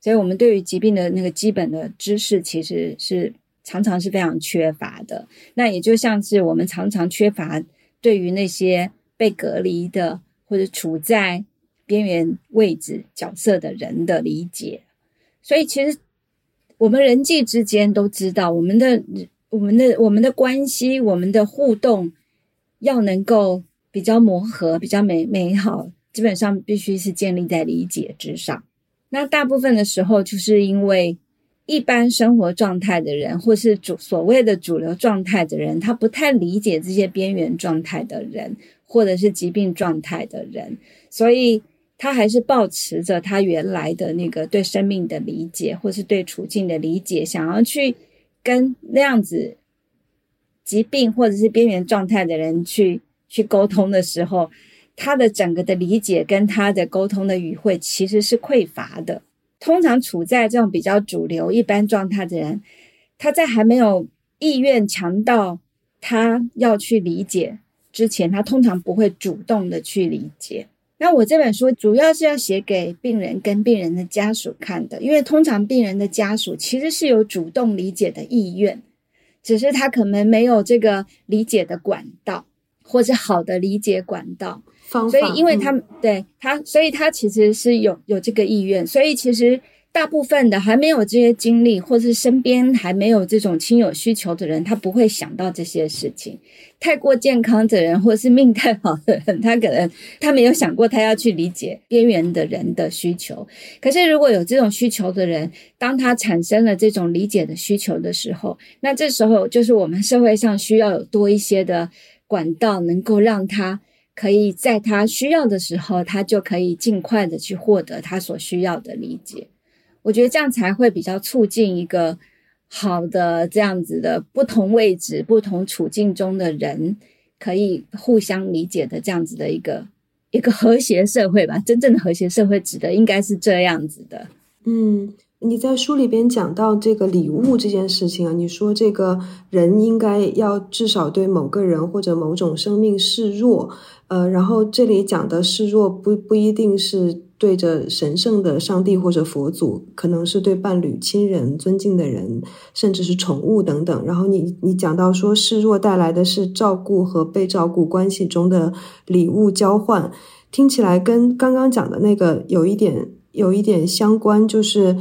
所以，我們對於疾病的那個基本的知識，其實是常常是非常缺乏的。那也就像是我們常常缺乏對於那些被隔離的或者處在邊緣位置角色的人的理解。所以，其實我們人際之間都知道我們的。我們的我們的關係，我們的互動，要能夠比較磨合，比較美美好，基本上必須是建立在理解之上。那大部分的時候，就是因為一般生活狀態的人，或是主所謂的主流狀態的人，他不太理解這些邊緣狀態的人，或者是疾病狀態的人，所以他還是抱持着他原來的那個對生命的理解，或是對處境的理解，想要去。跟那樣子疾病或者是邊緣狀態的人去去溝通的時候，他的整個的理解跟他的溝通的語彙其實是匱乏的。通常處在這種比較主流一般狀態的人，他在還沒有意願強到他要去理解之前，他通常不會主動的去理解。那我這本書主要是要寫給病人跟病人的家屬看的，因為通常病人的家屬其實是有主動理解的意願，只是他可能沒有這個理解的管道，或是好的理解管道方法，所以因為他、嗯、對他，所以他其實是有有這個意願，所以其實。大部分的還沒有這些經歷，或是身邊還沒有這種親友需求的人，他不會想到這些事情。太過健康的人，或是命太好的人，他可能他沒有想過，他要去理解邊緣的人的需求。可是，如果有這種需求的人，當他產生了這種理解的需求的時候，那這時候就是我們社會上需要有多一些的管道，能夠讓他可以在他需要的時候，他就可以盡快的去獲得他所需要的理解。我覺得這樣才會比較促進一個好的這樣子的不同位置、不同處境中的人可以互相理解的這樣子的一個一個和諧社會吧。真正的和諧社會，指的應該是這樣子的。嗯，你在書裡邊講到這個禮物這件事情啊，你說這個人應該要至少對某個人或者某種生命示弱。呃，然後這裡講的示弱不不一定是對着神聖的上帝或者佛祖，可能是對伴侶、親人、尊敬的人，甚至是寵物等等。然後你你講到說示弱帶來的是照顧和被照顧關係中的禮物交換，聽起來跟剛剛講的那個有一點有一點相關。就是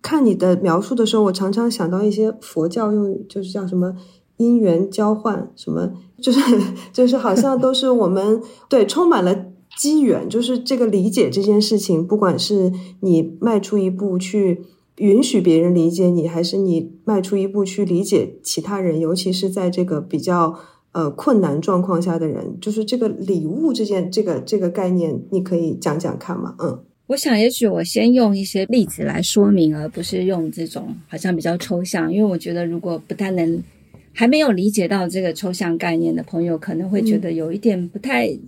看你的描述的時候，我常常想到一些佛教用，就是叫什麼。因緣交換什麼？就是就是好像都是我們 對，充滿了機緣，就是這個理解這件事情，不管是你邁出一步去允許別人理解你，還是你邁出一步去理解其他人，尤其是在這個比較呃困難狀況下的人，就是這個禮物這件這個這個概念，你可以講講看嗎？嗯，我想也許我先用一些例子來說明，而不是用這種好像比較抽象，因為我覺得如果不太能。還沒有理解到這個抽象概念的朋友，可能會覺得有一點不太、嗯、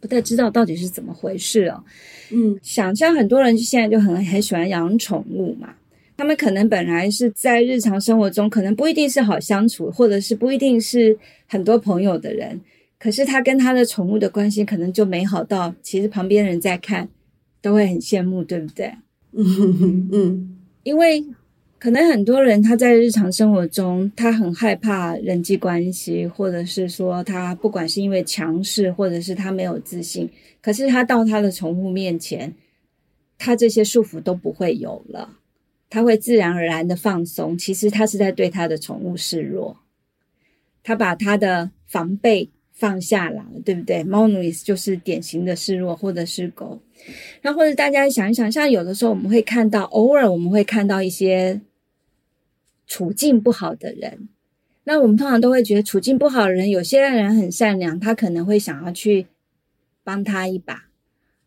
不太知道到底是怎麼回事哦。嗯，想象很多人現在就很很喜歡養寵物嘛，他們可能本來是在日常生活中，可能不一定是好相處，或者是不一定是很多朋友的人，可是他跟他的寵物的關係，可能就美好到，其實旁邊人在看都會很羨慕，對不對？嗯嗯，因為。可能很多人他在日常生活中，他很害怕人際關係，或者是說他不管是因為強勢，或者是他沒有自信。可是他到他的寵物面前，他這些束縛都不會有了，他會自然而然的放鬆。其實他是在對他的寵物示弱，他把他的防備放下來了，對不對？貓奴也是，就是典型的示弱，或者是狗。那或者大家想一想，像有的時候我們會看到，偶爾我們會看到一些。處境不好的人，那我們通常都會覺得處境不好的人，有些人很善良，他可能會想要去幫他一把，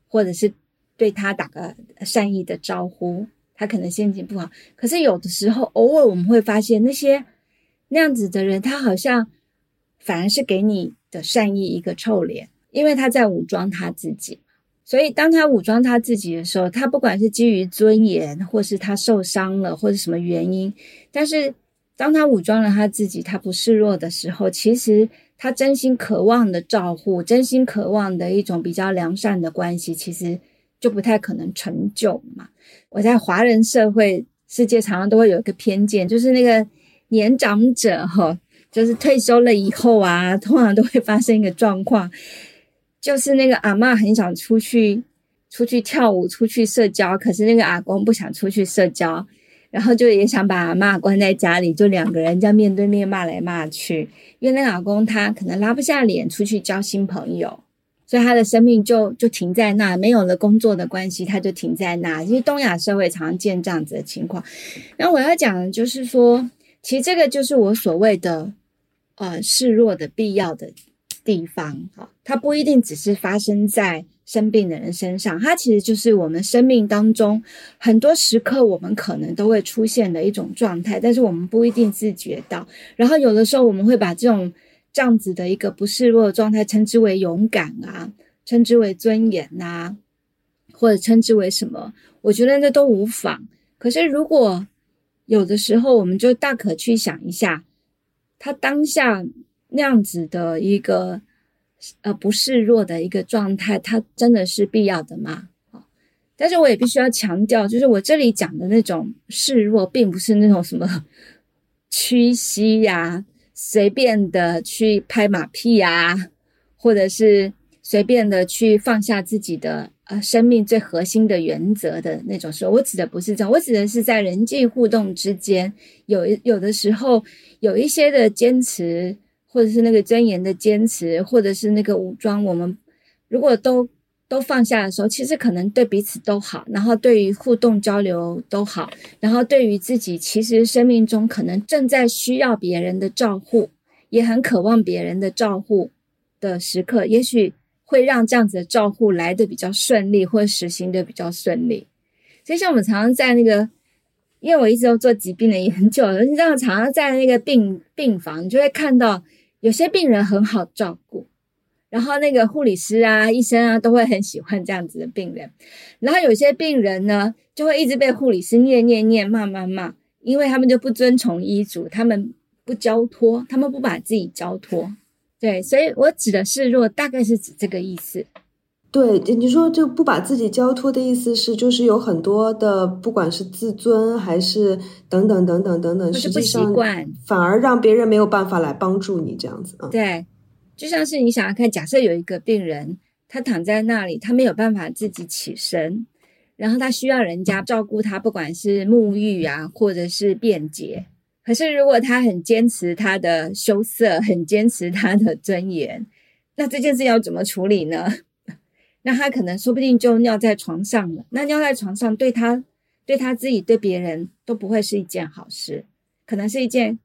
或者是對他打個善意的招呼。他可能心情不好，可是有的時候偶爾我們會發現那些那樣子的人，他好像反而是給你的善意一個臭臉，因為他在武裝他自己。所以，當他武裝他自己的時候，他不管是基於尊嚴，或是他受傷了，或者什麼原因，但是當他武裝了他自己，他不示弱的時候，其實他真心渴望的照顧，真心渴望的一種比較良善的關係，其實就不太可能成就嘛。我在華人社會，世界常常都會有一個偏見，就是那個年長者哈，就是退休了以後啊，通常都會發生一個狀況。就是那個阿嬤很想出去，出去跳舞，出去社交，可是那個阿公不想出去社交，然後就也想把阿嬤關在家裡，就兩個人這樣面對面罵來罵去。因為那個阿公他可能拉不下臉出去交新朋友，所以他的生命就就停在那，沒有了工作的關係，他就停在那。因為東亞社會常見這樣子的情況。那我要講的就是說，其實這個就是我所謂的，呃，示弱的必要的。地方哈，它不一定只是發生在生病的人身上，它其實就是我們生命當中很多時刻，我們可能都會出現的一種狀態，但是我們不一定自覺到。然後有的時候我們會把這種這樣子的一個不示弱的狀態，稱之為勇敢啊，稱之為尊嚴吶、啊，或者稱之為什麼？我覺得那都無妨。可是如果有的時候，我們就大可去想一下，他當下。那樣子的一個呃不示弱的一個狀態，它真的是必要的嗎？啊，但是我也必須要強調，就是我這裡講的那種示弱，並不是那種什麼屈膝呀、啊、隨便的去拍馬屁呀、啊，或者是隨便的去放下自己的呃生命最核心的原則的那種時候。我指的不是這樣，我指的是在人際互動之間，有有的時候有一些的堅持。或者是那個尊嚴的堅持，或者是那個武裝，我們如果都都放下的時候，其實可能對彼此都好，然後對於互動交流都好，然後對於自己，其實生命中可能正在需要別人的照顧，也很渴望別人的照顧的時刻，也許會讓這樣子的照顧來得比較順利，或者實行得比較順利。所以，像我們常常在那個，因為我一直都做疾病的研究，你知道，常常在那個病病房，你就會看到。有些病人很好照顧，然後那個護理師啊、醫生啊都會很喜歡這樣子的病人。然後有些病人呢，就會一直被護理師念念念、罵罵罵，因為他們就不遵從醫囑，他們不交托，他們不把自己交托。對，所以我指的示弱大概是指這個意思。對，你說就不把自己交托的意思是，就是有很多的，不管是自尊還是等等等等等等，就是不習慣反而讓別人沒有辦法來幫助你這樣子啊。對，就像是你想要看，假設有一個病人，他躺在那裡，他沒有辦法自己起身，然後他需要人家照顧他，不管是沐浴啊，或者是便捷。可是如果他很堅持他的羞澀，很堅持他的尊嚴，那這件事要怎麼處理呢？那他可能說不定就尿在床上了。那尿在床上，對他、對他自己、對別人都不會是一件好事，可能是一件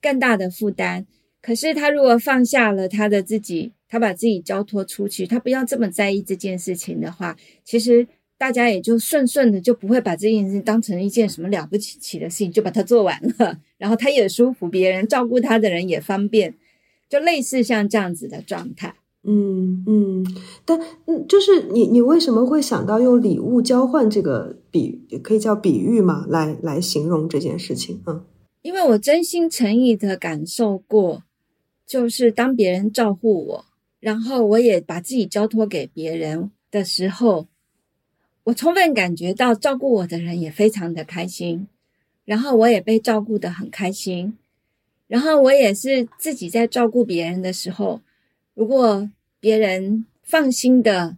更大的負擔。可是他如果放下了他的自己，他把自己交托出去，他不要這麼在意這件事情的話，其實大家也就順順的，就不會把這件事情當成一件什麼了不起的事情，就把它做完了。然後他也舒服，別人照顧他的人也方便，就類似像這樣子的狀態。嗯嗯，但嗯，就是你你為什麼會想到用禮物交換這個比也可以叫比喻嘛，來來形容這件事情啊？因為我真心誠意的感受過，就是當別人照顧我，然後我也把自己交托給別人的時候，我充分感覺到照顧我的人也非常的開心，然後我也被照顧得很開心，然後我也是自己在照顧別人的時候，如果別人放心的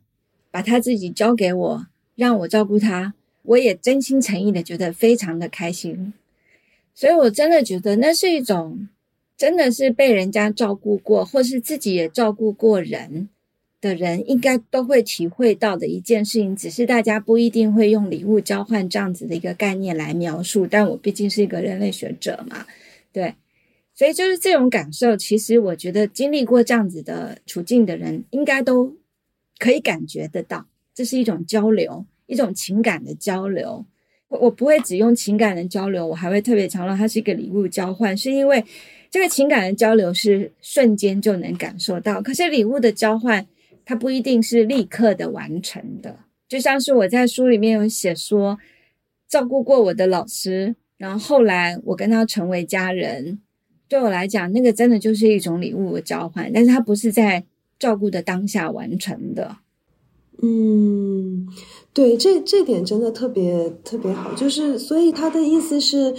把他自己交給我，讓我照顧他，我也真心誠意的覺得非常的開心，所以我真的覺得那是一種真的是被人家照顧過，或是自己也照顧過人的人，應該都會體會到的一件事情，只是大家不一定會用禮物交換這樣子的一個概念來描述。但我畢竟是一個人類學者嘛，對。所以就是這種感受，其實我覺得經歷過這樣子的處境的人，應該都可以感覺得到，這是一種交流，一種情感的交流。我我不會只用情感的交流，我還會特別強調它是一個禮物交換，是因為這個情感的交流是瞬間就能感受到，可是禮物的交換它不一定是立刻的完成的。就像是我在書裡面有寫說，照顧過我的老師，然後後來我跟他成為家人。對我來講，那個真的就是一種禮物的交換，但是它不是在照顧的當下完成的。嗯，對，這這點真的特別特別好，就是所以他的意思是，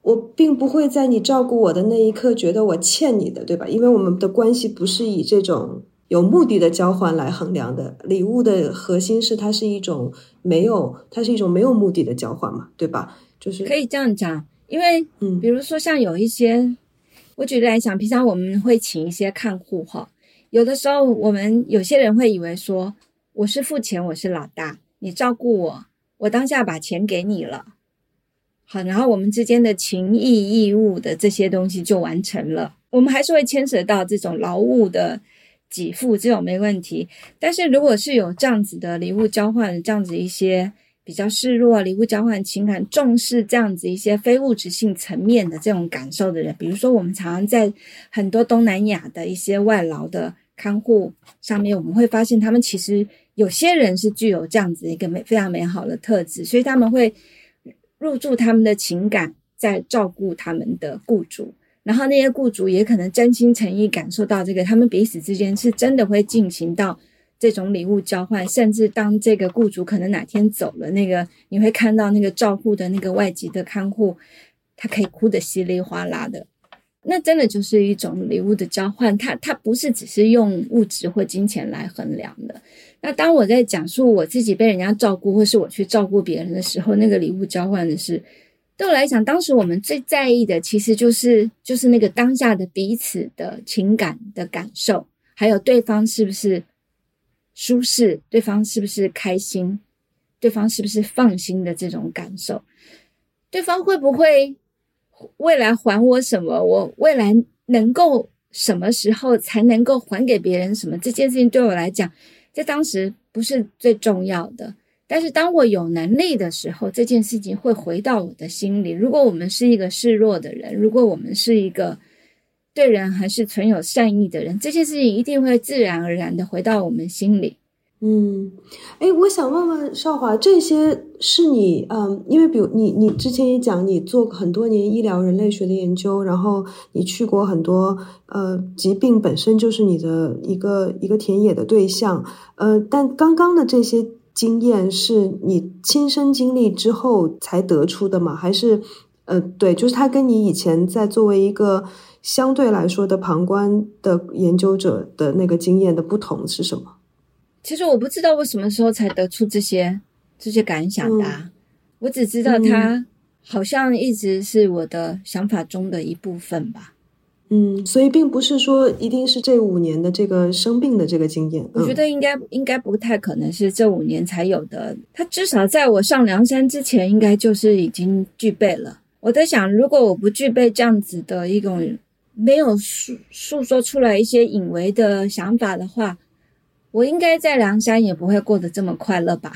我並不會在你照顧我的那一刻覺得我欠你的，對吧？因為我們的關係不是以這種有目的的交換來衡量的。禮物的核心是它是一種沒有，它是一種沒有目的的交換嘛，對吧？就是可以這樣講，因為嗯，比如說像有一些。我舉例來講，平常我們會請一些看護哈、哦，有的時候我們有些人會以為說，我是付錢，我是老大，你照顧我，我當下把錢給你了，好，然後我們之間的情誼、義務的這些東西就完成了。我們還是會牽涉到這種勞務的給付，這種沒問題。但是如果是有這樣子的禮物交換，這樣子一些。比較示弱、禮物交換、情感重視這樣子一些非物質性層面的這種感受的人，比如說我們常常在很多東南亞的一些外勞的看護上面，我們會發現他們其實有些人是具有這樣子一個美非常美好的特質，所以他們會入住他們的情感在照顧他們的雇主，然後那些雇主也可能真心誠意感受到這個，他們彼此之間是真的會進行到。這種禮物交換，甚至當這個雇主可能哪天走了，那個你會看到那個照顧的那個外籍的看護，他可以哭得稀里嘩啦的。那真的就是一種禮物的交換，他他不是只是用物質或金錢來衡量的。那當我在講述我自己被人家照顧，或是我去照顧別人的時候，那個禮物交換的是，對我來講，當時我們最在意的其實就是就是那個當下的彼此的情感的感受，還有對方是不是。舒適，對方是不是開心，對方是不是放心的這種感受，對方會不會未來還我什麼，我未來能夠什麼時候才能夠還給別人什麼？這件事情對我來講，在當時不是最重要的，但是當我有能力的時候，這件事情會回到我的心裡。如果我們是一個示弱的人，如果我們是一個。對人還是存有善意的人，這些事情一定會自然而然的回到我們心裡。嗯，誒，我想問問紹華，這些是你嗯，因為比如你你之前也講你做過很多年醫療人類學的研究，然後你去過很多呃疾病本身就是你的一個一個田野的對象。呃，但剛剛的這些經驗是你親身經歷之後才得出的嗎？還是呃，對，就是他跟你以前在作為一個。相對來說的旁觀的研究者的那個經驗的不同是什麼？其實我不知道我什麼時候才得出這些這些感想的、啊嗯，我只知道他好像一直是我的想法中的一部分吧。嗯，所以並不是說一定是這五年的這個生病的這個經驗，嗯、我覺得應該應該不太可能是這五年才有的。他至少在我上涼山之前，應該就是已經具備了。我在想，如果我不具備這樣子的一種。沒有訴訴說出來一些隱微的想法的話，我應該在涼山也不會過得這麼快樂吧？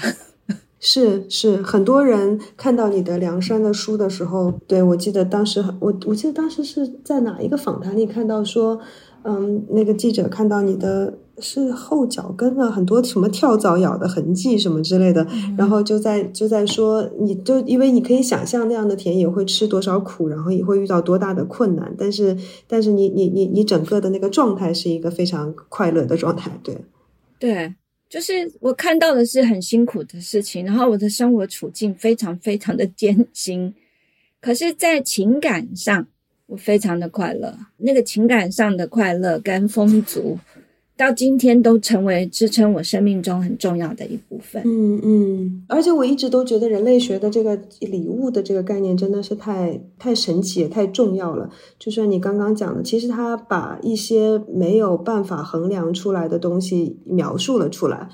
是是，很多人看到你的涼山的書的時候，對，我記得當時很，我我記得當時是在哪一個訪談裡看到說，嗯，那個記者看到你的，是後腳跟的很多什麼跳蚤咬的痕跡什麼之類的，嗯、然後就在就在說，你就因為你可以想象那樣的田野會吃多少苦，然後也會遇到多大的困難，但是但是你你你你整個的那個狀態是一個非常快樂的狀態，對，對，就是我看到的是很辛苦的事情，然後我的生活處境非常非常的艱辛，可是，在情感上我非常的快樂，那個情感上的快樂跟豐足。 到今天都成為支撐我生命中很重要的一部分。嗯嗯，而且我一直都覺得人類學的這個禮物的這個概念真的是太太神奇也太重要了。就像你剛剛講的，其實他把一些沒有辦法衡量出來的東西描述了出來。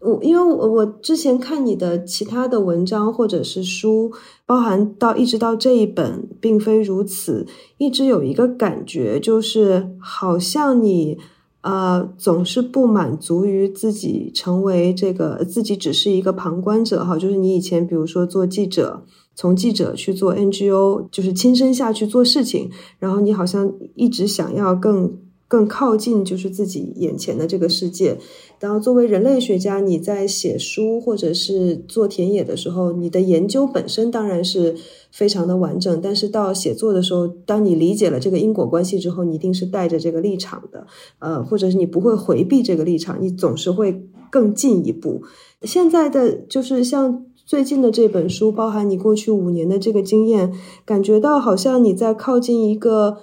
我因為我我之前看你的其他的文章或者是書，包含到一直到這一本病非如此，一直有一個感覺，就是好像你。呃、uh，總是不滿足於自己成為這個自己，只是一個旁觀者哈。就是你以前，比如說做記者，從記者去做 NGO，就是親身下去做事情，然後你好像一直想要更。更靠近，就是自己眼前的這個世界。然後，作為人類學家，你在寫書或者是做田野的時候，你的研究本身當然是非常的完整。但是到寫作的時候，當你理解了這個因果關係之後，你一定是帶着這個立場的，呃，或者是你不會回避這個立場，你總是會更進一步。現在的就是像最近的這本書，包含你過去五年的這個經驗，感覺到好像你在靠近一個。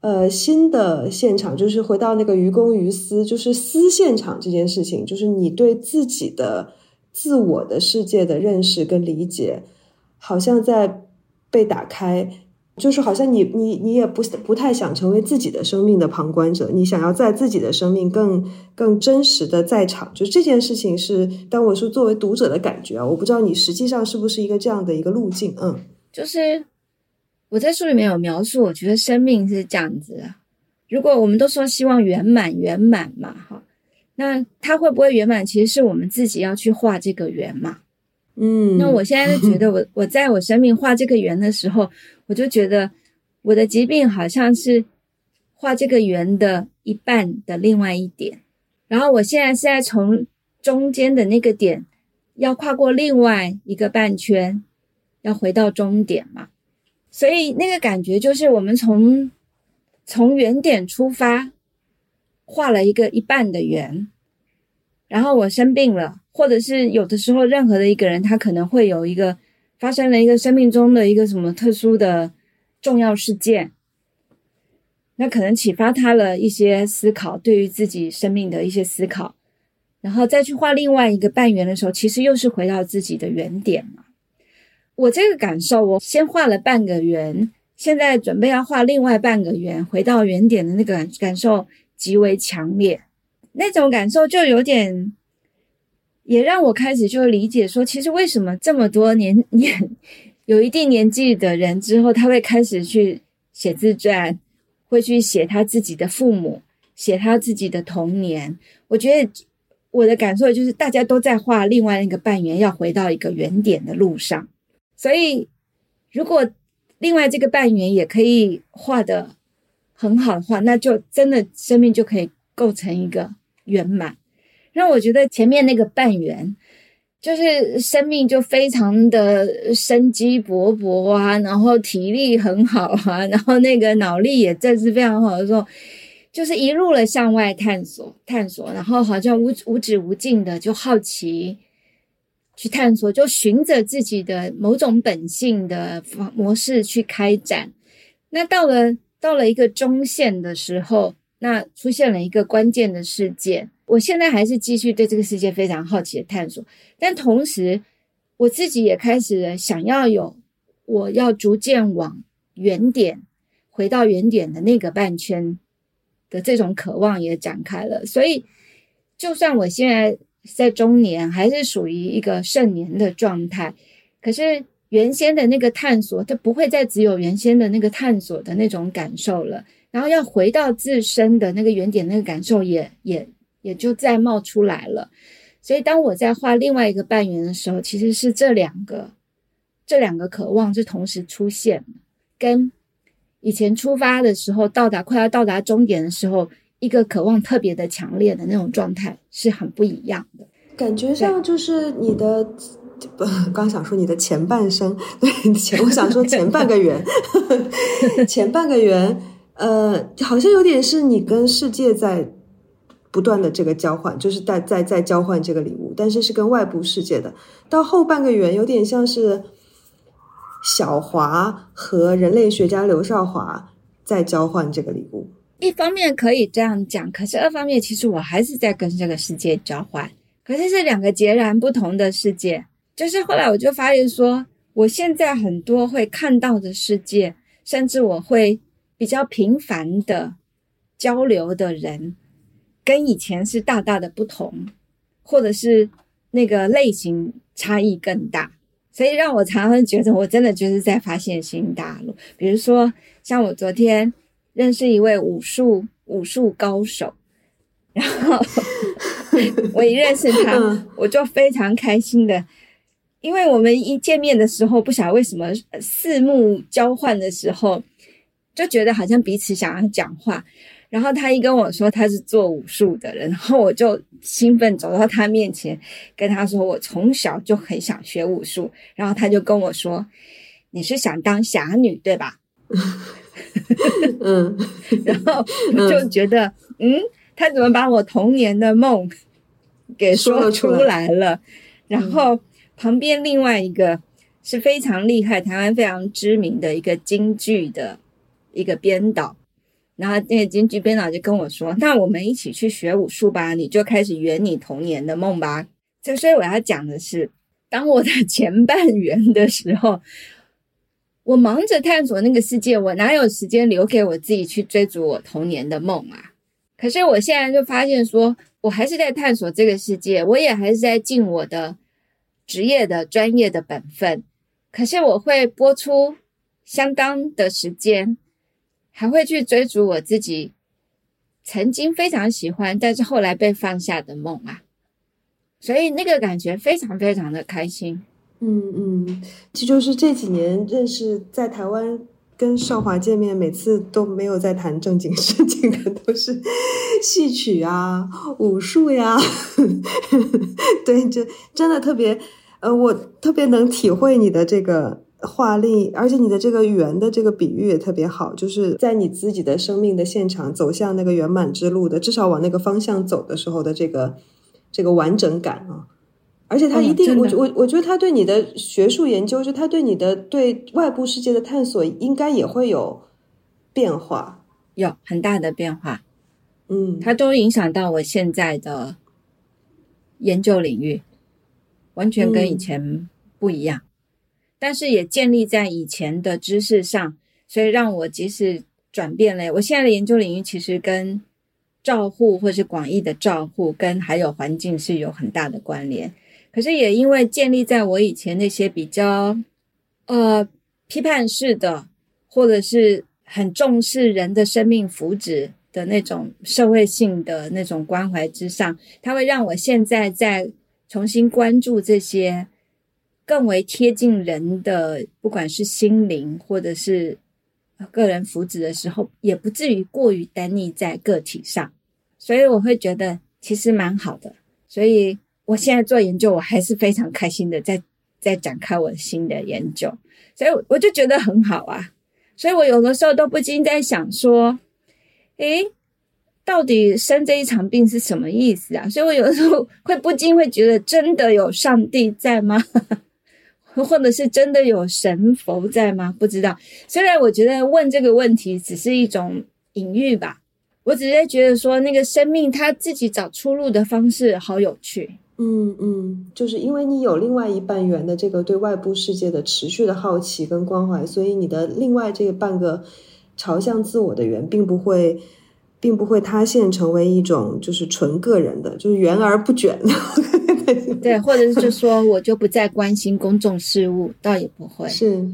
呃，新的現場就是回到那個於公於私，就是私現場這件事情，就是你對自己的自我的世界的認識跟理解，好像在被打開，就是好像你你你也不不太想成為自己的生命的旁觀者，你想要在自己的生命更更真實的在場，就這件事情是當我是作為讀者的感覺，啊，我不知道你實際上是不是一個這樣的一個路徑，嗯，就是。我在書裡面有描述，我覺得生命是這樣子的。如果我們都說希望圓滿圓滿嘛，哈，那它會不會圓滿？其實是我們自己要去畫這個圓嘛。嗯，那我現在就覺得，我我在我生命畫這個圓的時候， 我就覺得我的疾病好像是畫這個圓的一半的另外一點，然後我現在是在從中間的那個點要跨過另外一個半圈，要回到終點嘛。所以那個感覺就是，我們從從原點出發，畫了一個一半的圓，然後我生病了，或者是有的時候，任何的一個人，他可能會有一個發生了一個生命中的一個什麼特殊的重要事件，那可能啟發他了一些思考，對於自己生命的一些思考，然後再去畫另外一個半圓的時候，其實又是回到自己的原點了。我這個感受，我先畫了半個圓，現在準備要畫另外半個圓，回到原點的那個感受極為強烈，那種感受就有點，也讓我開始就理解說，其實為什麼這麼多年年有一定年紀的人之後，他會開始去寫自傳，會去寫他自己的父母，寫他自己的童年。我覺得我的感受就是，大家都在畫另外那個半圓，要回到一個原點的路上。所以，如果另外這個半圓也可以畫得很好的話，那就真的生命就可以構成一個圓滿。讓我覺得前面那個半圓，就是生命就非常的生機勃勃啊，然後體力很好啊，然後那個腦力也正是非常好的時候，就是一路的向外探索探索，然後好像無無止無盡的就好奇，去探索，就循着自己的某種本性的模式去開展。那到了到了一個中線的時候，那出現了一個關鍵的事件。我現在還是繼續對這個世界非常好奇的探索，但同時我自己也開始了想要有我要逐漸往原點回到原點的那個半圈的這種渴望也展開了。所以，就算我現在。在中年還是屬於一個盛年的狀態，可是原先的那個探索，它不會再只有原先的那個探索的那種感受了。然後要回到自身的那個原點，那個感受也也也就再冒出來了。所以當我在畫另外一個半圓的時候，其實是這兩個這兩個渴望是同時出現，跟以前出發的時候，到達快要到達終點的時候。一個渴望特別的強烈的那種狀態是很不一樣的，感覺上就是你的，不，剛想說你的前半生，對，前，我想說前半個圓， 前半個圓，呃，好像有點是你跟世界在不斷的這個交換，就是在在在交換這個禮物，但是是跟外部世界的。到後半個圓，有點像是小華和人類學家劉紹華在交換這個禮物。一方面可以這樣講，可是二方面其實我還是在跟這個世界交換。可是這兩個截然不同的世界，就是後來我就發現說，我現在很多會看到的世界，甚至我會比較頻繁的交流的人，跟以前是大大的不同，或者是那個類型差異更大。所以讓我常常覺得我真的就是在發現新大陸。比如說像我昨天，認識一位武術武術高手，然後 我一認識他， 我就非常開心的，因為我們一見面的時候，不曉得為什麼、呃、四目交換的時候，就覺得好像彼此想要講話。然後他一跟我說他是做武術的人，然後我就興奮走到他面前，跟他說我從小就很想學武術。然後他就跟我說，你是想當俠女對吧？ 嗯， 然後我就覺得，嗯，他怎麼把我童年的夢給說出來了。說了出來。然後旁邊另外一個是非常厲害、台灣非常知名的一個京劇的一個編導，然後那個京劇編導就跟我說：“那我們一起去學武術吧，你就開始圓你童年的夢吧。”就所以我要講的是，當我的前半圓的時候。我忙着探索那個世界，我哪有時間留給我自己去追逐我童年的夢啊？可是我現在就發現說，說我還是在探索這個世界，我也還是在盡我的職業的專業的本分。可是我會撥出相當的時間，還會去追逐我自己曾經非常喜歡，但是後來被放下的夢啊，所以那個感覺非常非常的開心。嗯嗯，這、嗯、就，就是這幾年認識在台灣跟紹華見面，每次都沒有在談正經事情的，都是戲曲啊、武術呀、啊。 對，就真的特別，呃，我特別能體會你的這個畫力，而且你的這個圓的這個比喻也特別好，就是在你自己的生命的現場走向那個圓滿之路的，至少往那個方向走的時候的這個這個完整感啊。而且他一定，我、哦、我我覺得他對你的學術研究，就是、他對你的對外部世界的探索，應該也會有變化，有很大的變化。嗯，它都影響到我現在的研究領域，完全跟以前不一樣、嗯，但是也建立在以前的知識上，所以讓我即使轉變了，我現在的研究領域其實跟照護，或是廣義的照護，跟還有環境是有很大的關聯。可是也因為建立在我以前那些比較，呃，批判式的，或者是很重視人的生命福祉的那種社會性的那種關懷之上，它會讓我現在在重新關注這些更為貼近人的，不管是心靈或者是個人福祉的時候，也不至於過於耽溺在個體上，所以我會覺得其實蠻好的，所以。我現在做研究，我還是非常開心的在，在在展開我新的研究，所以我就覺得很好啊。所以我有的時候都不禁在想說，誒，到底生這一場病是什麼意思啊？所以我有的時候會不禁會覺得，真的有上帝在嗎？或者是真的有神佛在嗎？不知道。雖然我覺得問這個問題只是一種隱喻吧，我只是覺得說，那個生命它自己找出路的方式好有趣。嗯嗯，就是因為你有另外一半圓的這個對外部世界的持續的好奇跟關懷，所以你的另外這個半個朝向自我的圓並不會，並不會塌陷成為一種就是純個人的，就是圓而不捲。對， 對對，或者是說我就不再關心公眾事務， 倒也不會。是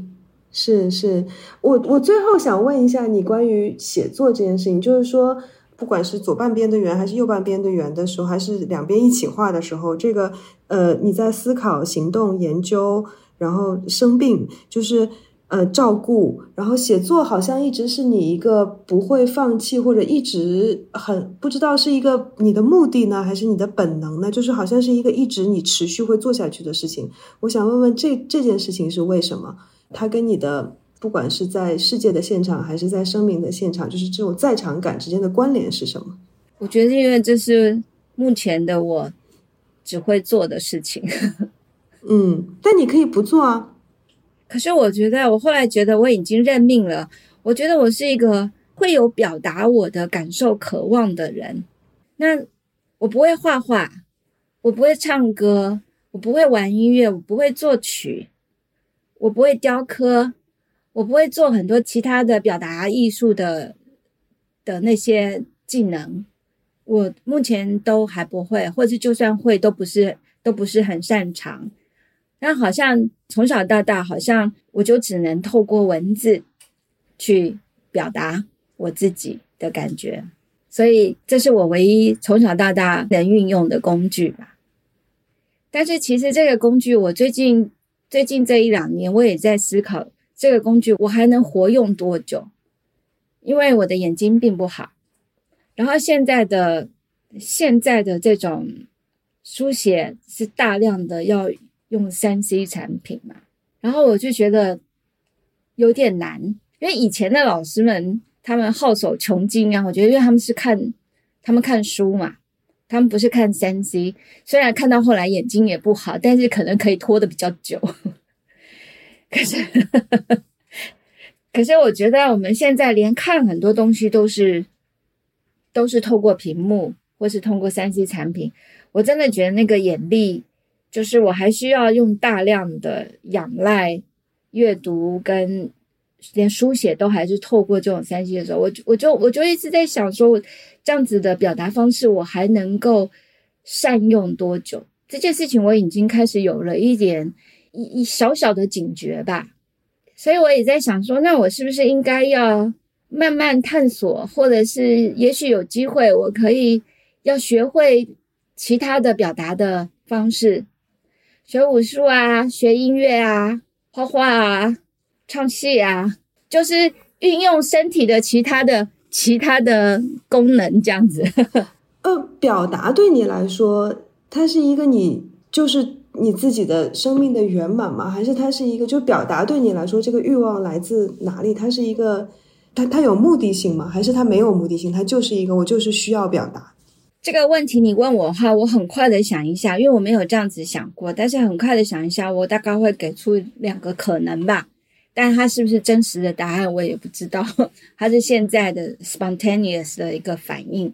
是是，我我最後想問一下你關於寫作這件事情，就是說。不管是左半邊的圓還是右半邊的圓的時候，還是兩邊一起畫的時候，這個呃，你在思考、行動、研究，然後生病就是呃照顧，然後寫作好像一直是你一個不會放棄或者一直很，不知道是一個你的目的呢，還是你的本能呢？就是好像是一個一直你持續會做下去的事情。我想問問這這件事情是為什麼？它跟你的。不管是在世界的現場，還是在生命的現場，就是這種在場感之間的關聯是什麼？我覺得，因為這是目前的我只會做的事情。 嗯，但你可以不做啊。可是，我覺得，我後來覺得我已經認命了。我覺得我是一個會有表達我的感受、渴望的人。那我不會畫畫，我不會唱歌，我不會玩音樂，我不會作曲，我不會雕刻。我不會做很多其他的表達藝術的的那些技能，我目前都還不會，或者就算會，都不是都不是很擅長。但好像從小到大，好像我就只能透過文字去表達我自己的感覺，所以這是我唯一從小到大能運用的工具吧。但是其實這個工具，我最近最近這一兩年，我也在思考。這個工具我還能活用多久？因為我的眼睛並不好，然後現在的現在的這種書寫是大量的要用三 C 產品嘛，然後我就覺得有點難，因為以前的老師們，他們皓首窮經啊，我覺得因為他們是看，他們看書嘛，他們不是看三 C，雖然看到後來眼睛也不好，但是可能可以拖得比較久。可是，呵呵可是，我覺得我們現在連看很多東西都是，都是透過屏幕，或是通過三 C 產品。我真的覺得那個眼力，就是我還需要用大量的仰賴閱讀跟，跟連書寫都還是透過這種三 C 的時候，我我就我就一直在想說，這樣子的表達方式我還能夠善用多久？這件事情我已經開始有了一點。一、小小的警覺吧，所以我也在想說，那我是不是應該要慢慢探索，或者是也許有機會，我可以要學會其他的表達的方式，學武術啊，學音樂啊，畫畫啊，唱戲啊，就是運用身體的其他、的其他的功能這樣子。呃，表達對你來說，它是一個你就是。你自己的生命的圓滿嗎？還是它是一個就表達對你來說這個慾望來自哪裡？它是一個，它它有目的性嗎？還是它沒有目的性？它就是一個我就是需要表達。這個問題你問我的話，我很快的想一下，因為我沒有這樣子想過，但是很快的想一下，我大概會給出兩個可能吧。但它是不是真實的答案，我也不知道。它是現在的 spontaneous 的一個反應，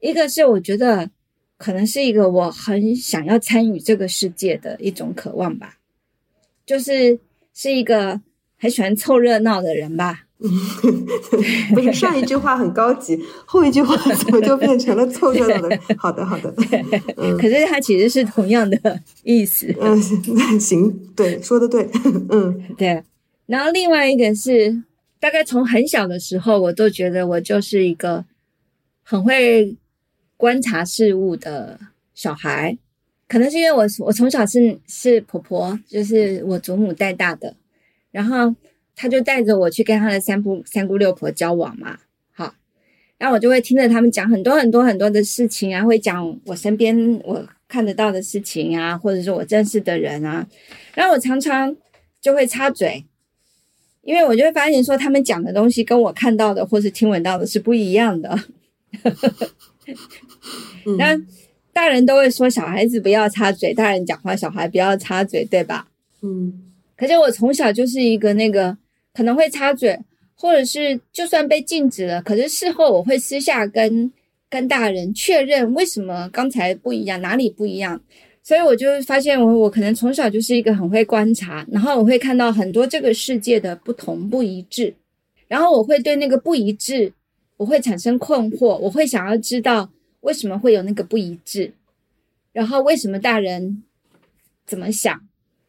一個是我覺得。可能是一個我很想要參與這個世界的一種渴望吧，就是是一個很喜歡湊熱鬧的人吧。 不是上一句話很高級， 後一句話怎麼就變成了湊熱鬧的 的？好的，好的。 嗯、可是它其實是同樣的意思。嗯，行，對，說的對。嗯，對。然後另外一點是，大概從很小的時候，我都覺得我就是一個很會。觀察事物的小孩，可能是因為我我從小是是婆婆，就是我祖母帶大的，然後他就帶着我去跟他的三姑三姑六婆交往嘛，好，然後我就會聽着他們講很多很多很多的事情啊，會講我身邊我看得到的事情啊，或者是我認識的人啊，然後我常常就會插嘴，因為我就會發現說他們講的東西跟我看到的或是聽聞到的是不一樣的。呵呵 那大人都會說，小孩子不要插嘴，大人講話，小孩不要插嘴，對吧？嗯。可是我從小就是一個那個，可能會插嘴，或者是就算被禁止了，可是事後我會私下跟跟大人確認為什麼剛才不一樣，哪裡不一樣。所以我就發現我我可能從小就是一個很會觀察，然後我會看到很多這個世界的不同、不一致，然後我會對那個不一致。我會產生困惑，我會想要知道為什麼會有那個不一致，然後為什麼大人怎麼想，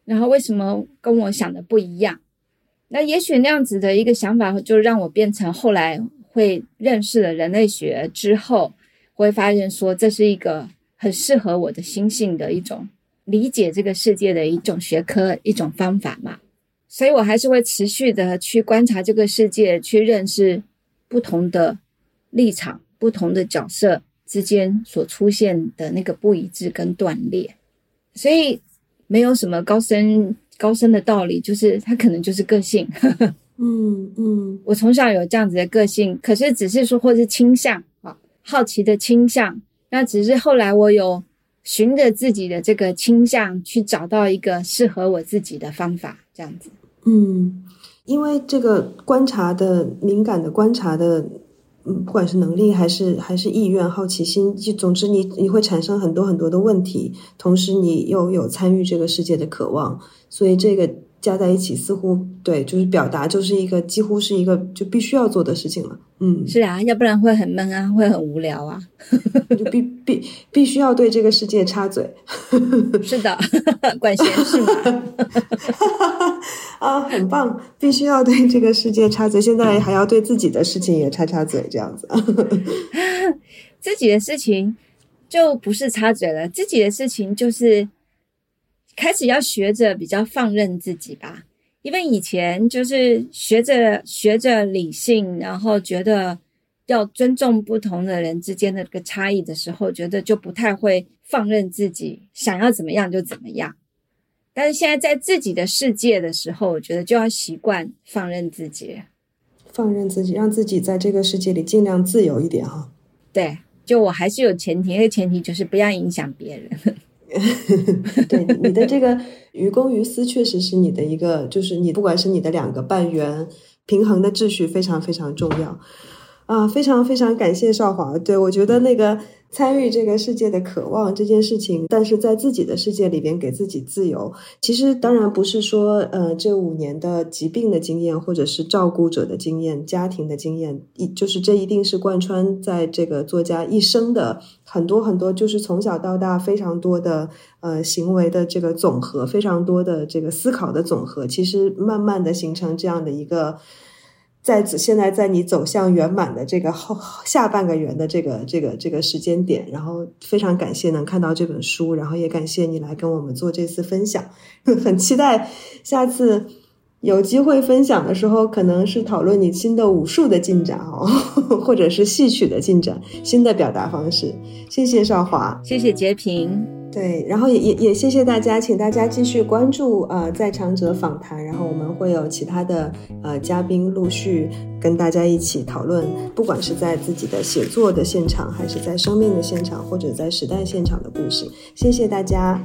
然後為什麼跟我想的不一樣？那也許那樣子的一個想法，就讓我變成後來會認識了人類學之後，我會發現說這是一個很適合我的心性的一種理解這個世界的一種學科一種方法嘛。所以我還是會持續的去觀察這個世界，去認識。不同的立場、不同的角色之間所出現的那個不一致跟斷裂，所以沒有什麼高深高深的道理，就是他可能就是個性。 嗯嗯，我從小有這樣子的個性，可是只是說，或是傾向啊，好奇的傾向。那只是後來我有循着自己的這個傾向去找到一個適合我自己的方法，這樣子。嗯。因為這個觀察的敏感的觀察的，嗯，不管是能力還是還是意願、好奇心，就總之你你會產生很多很多的問題，同時你又有參與這個世界的渴望，所以這個。加在一起，似乎對，就是表達，就是一個幾乎是一個就必須要做的事情了。嗯，是啊，要不然會很悶啊，會很無聊啊。 就必必必須要對這個世界插嘴。 是的，管閒事。是 啊，很棒，必須要對這個世界插嘴，現在還要對自己的事情也插插嘴，這樣子。 自己的事情就不是插嘴了，自己的事情就是。開始要學着比較放任自己吧，因為以前就是學着學着理性，然後覺得要尊重不同的人之間的這個差異的時候，覺得就不太會放任自己，想要怎麼樣就怎麼樣。但是現在在自己的世界的時候，我覺得就要習慣放任自己，放任自己，讓自己在這個世界裡盡量自由一點哈。對，就我還是有前提，那個前提就是不要影響別人。 對，你的這個於公於私，確實是你的一個，就是你不管是你的兩個半圓平衡的秩序，非常非常重要。啊，非常非常感謝紹華。對，我覺得那個參與這個世界的渴望這件事情，但是在自己的世界裡邊給自己自由，其實當然不是說，呃，這五年的疾病的經驗，或者是照顧者的經驗、家庭的經驗，一就是這一定是貫穿在這個作家一生的很多很多，就是從小到大非常多的呃行為的這個總和，非常多的這個思考的總和，其實慢慢的形成這樣的一個。在此，現在在你走向圓滿的這個後下半個圓的這個這個這個時間點，然後非常感謝能看到這本書，然後也感謝你來跟我們做這次分享，很期待下次有機會分享的時候，可能是討論你新的武術的進展哦，或者是戲曲的進展，新的表達方式。謝謝紹華，謝謝潔平。對，然後也也也謝謝大家，請大家繼續關注，呃，在場者訪談。然後我們會有其他的，呃，嘉賓陸續跟大家一起討論，不管是在自己的寫作的現場，還是在生命的現場，或者在時代現場的故事。謝謝大家。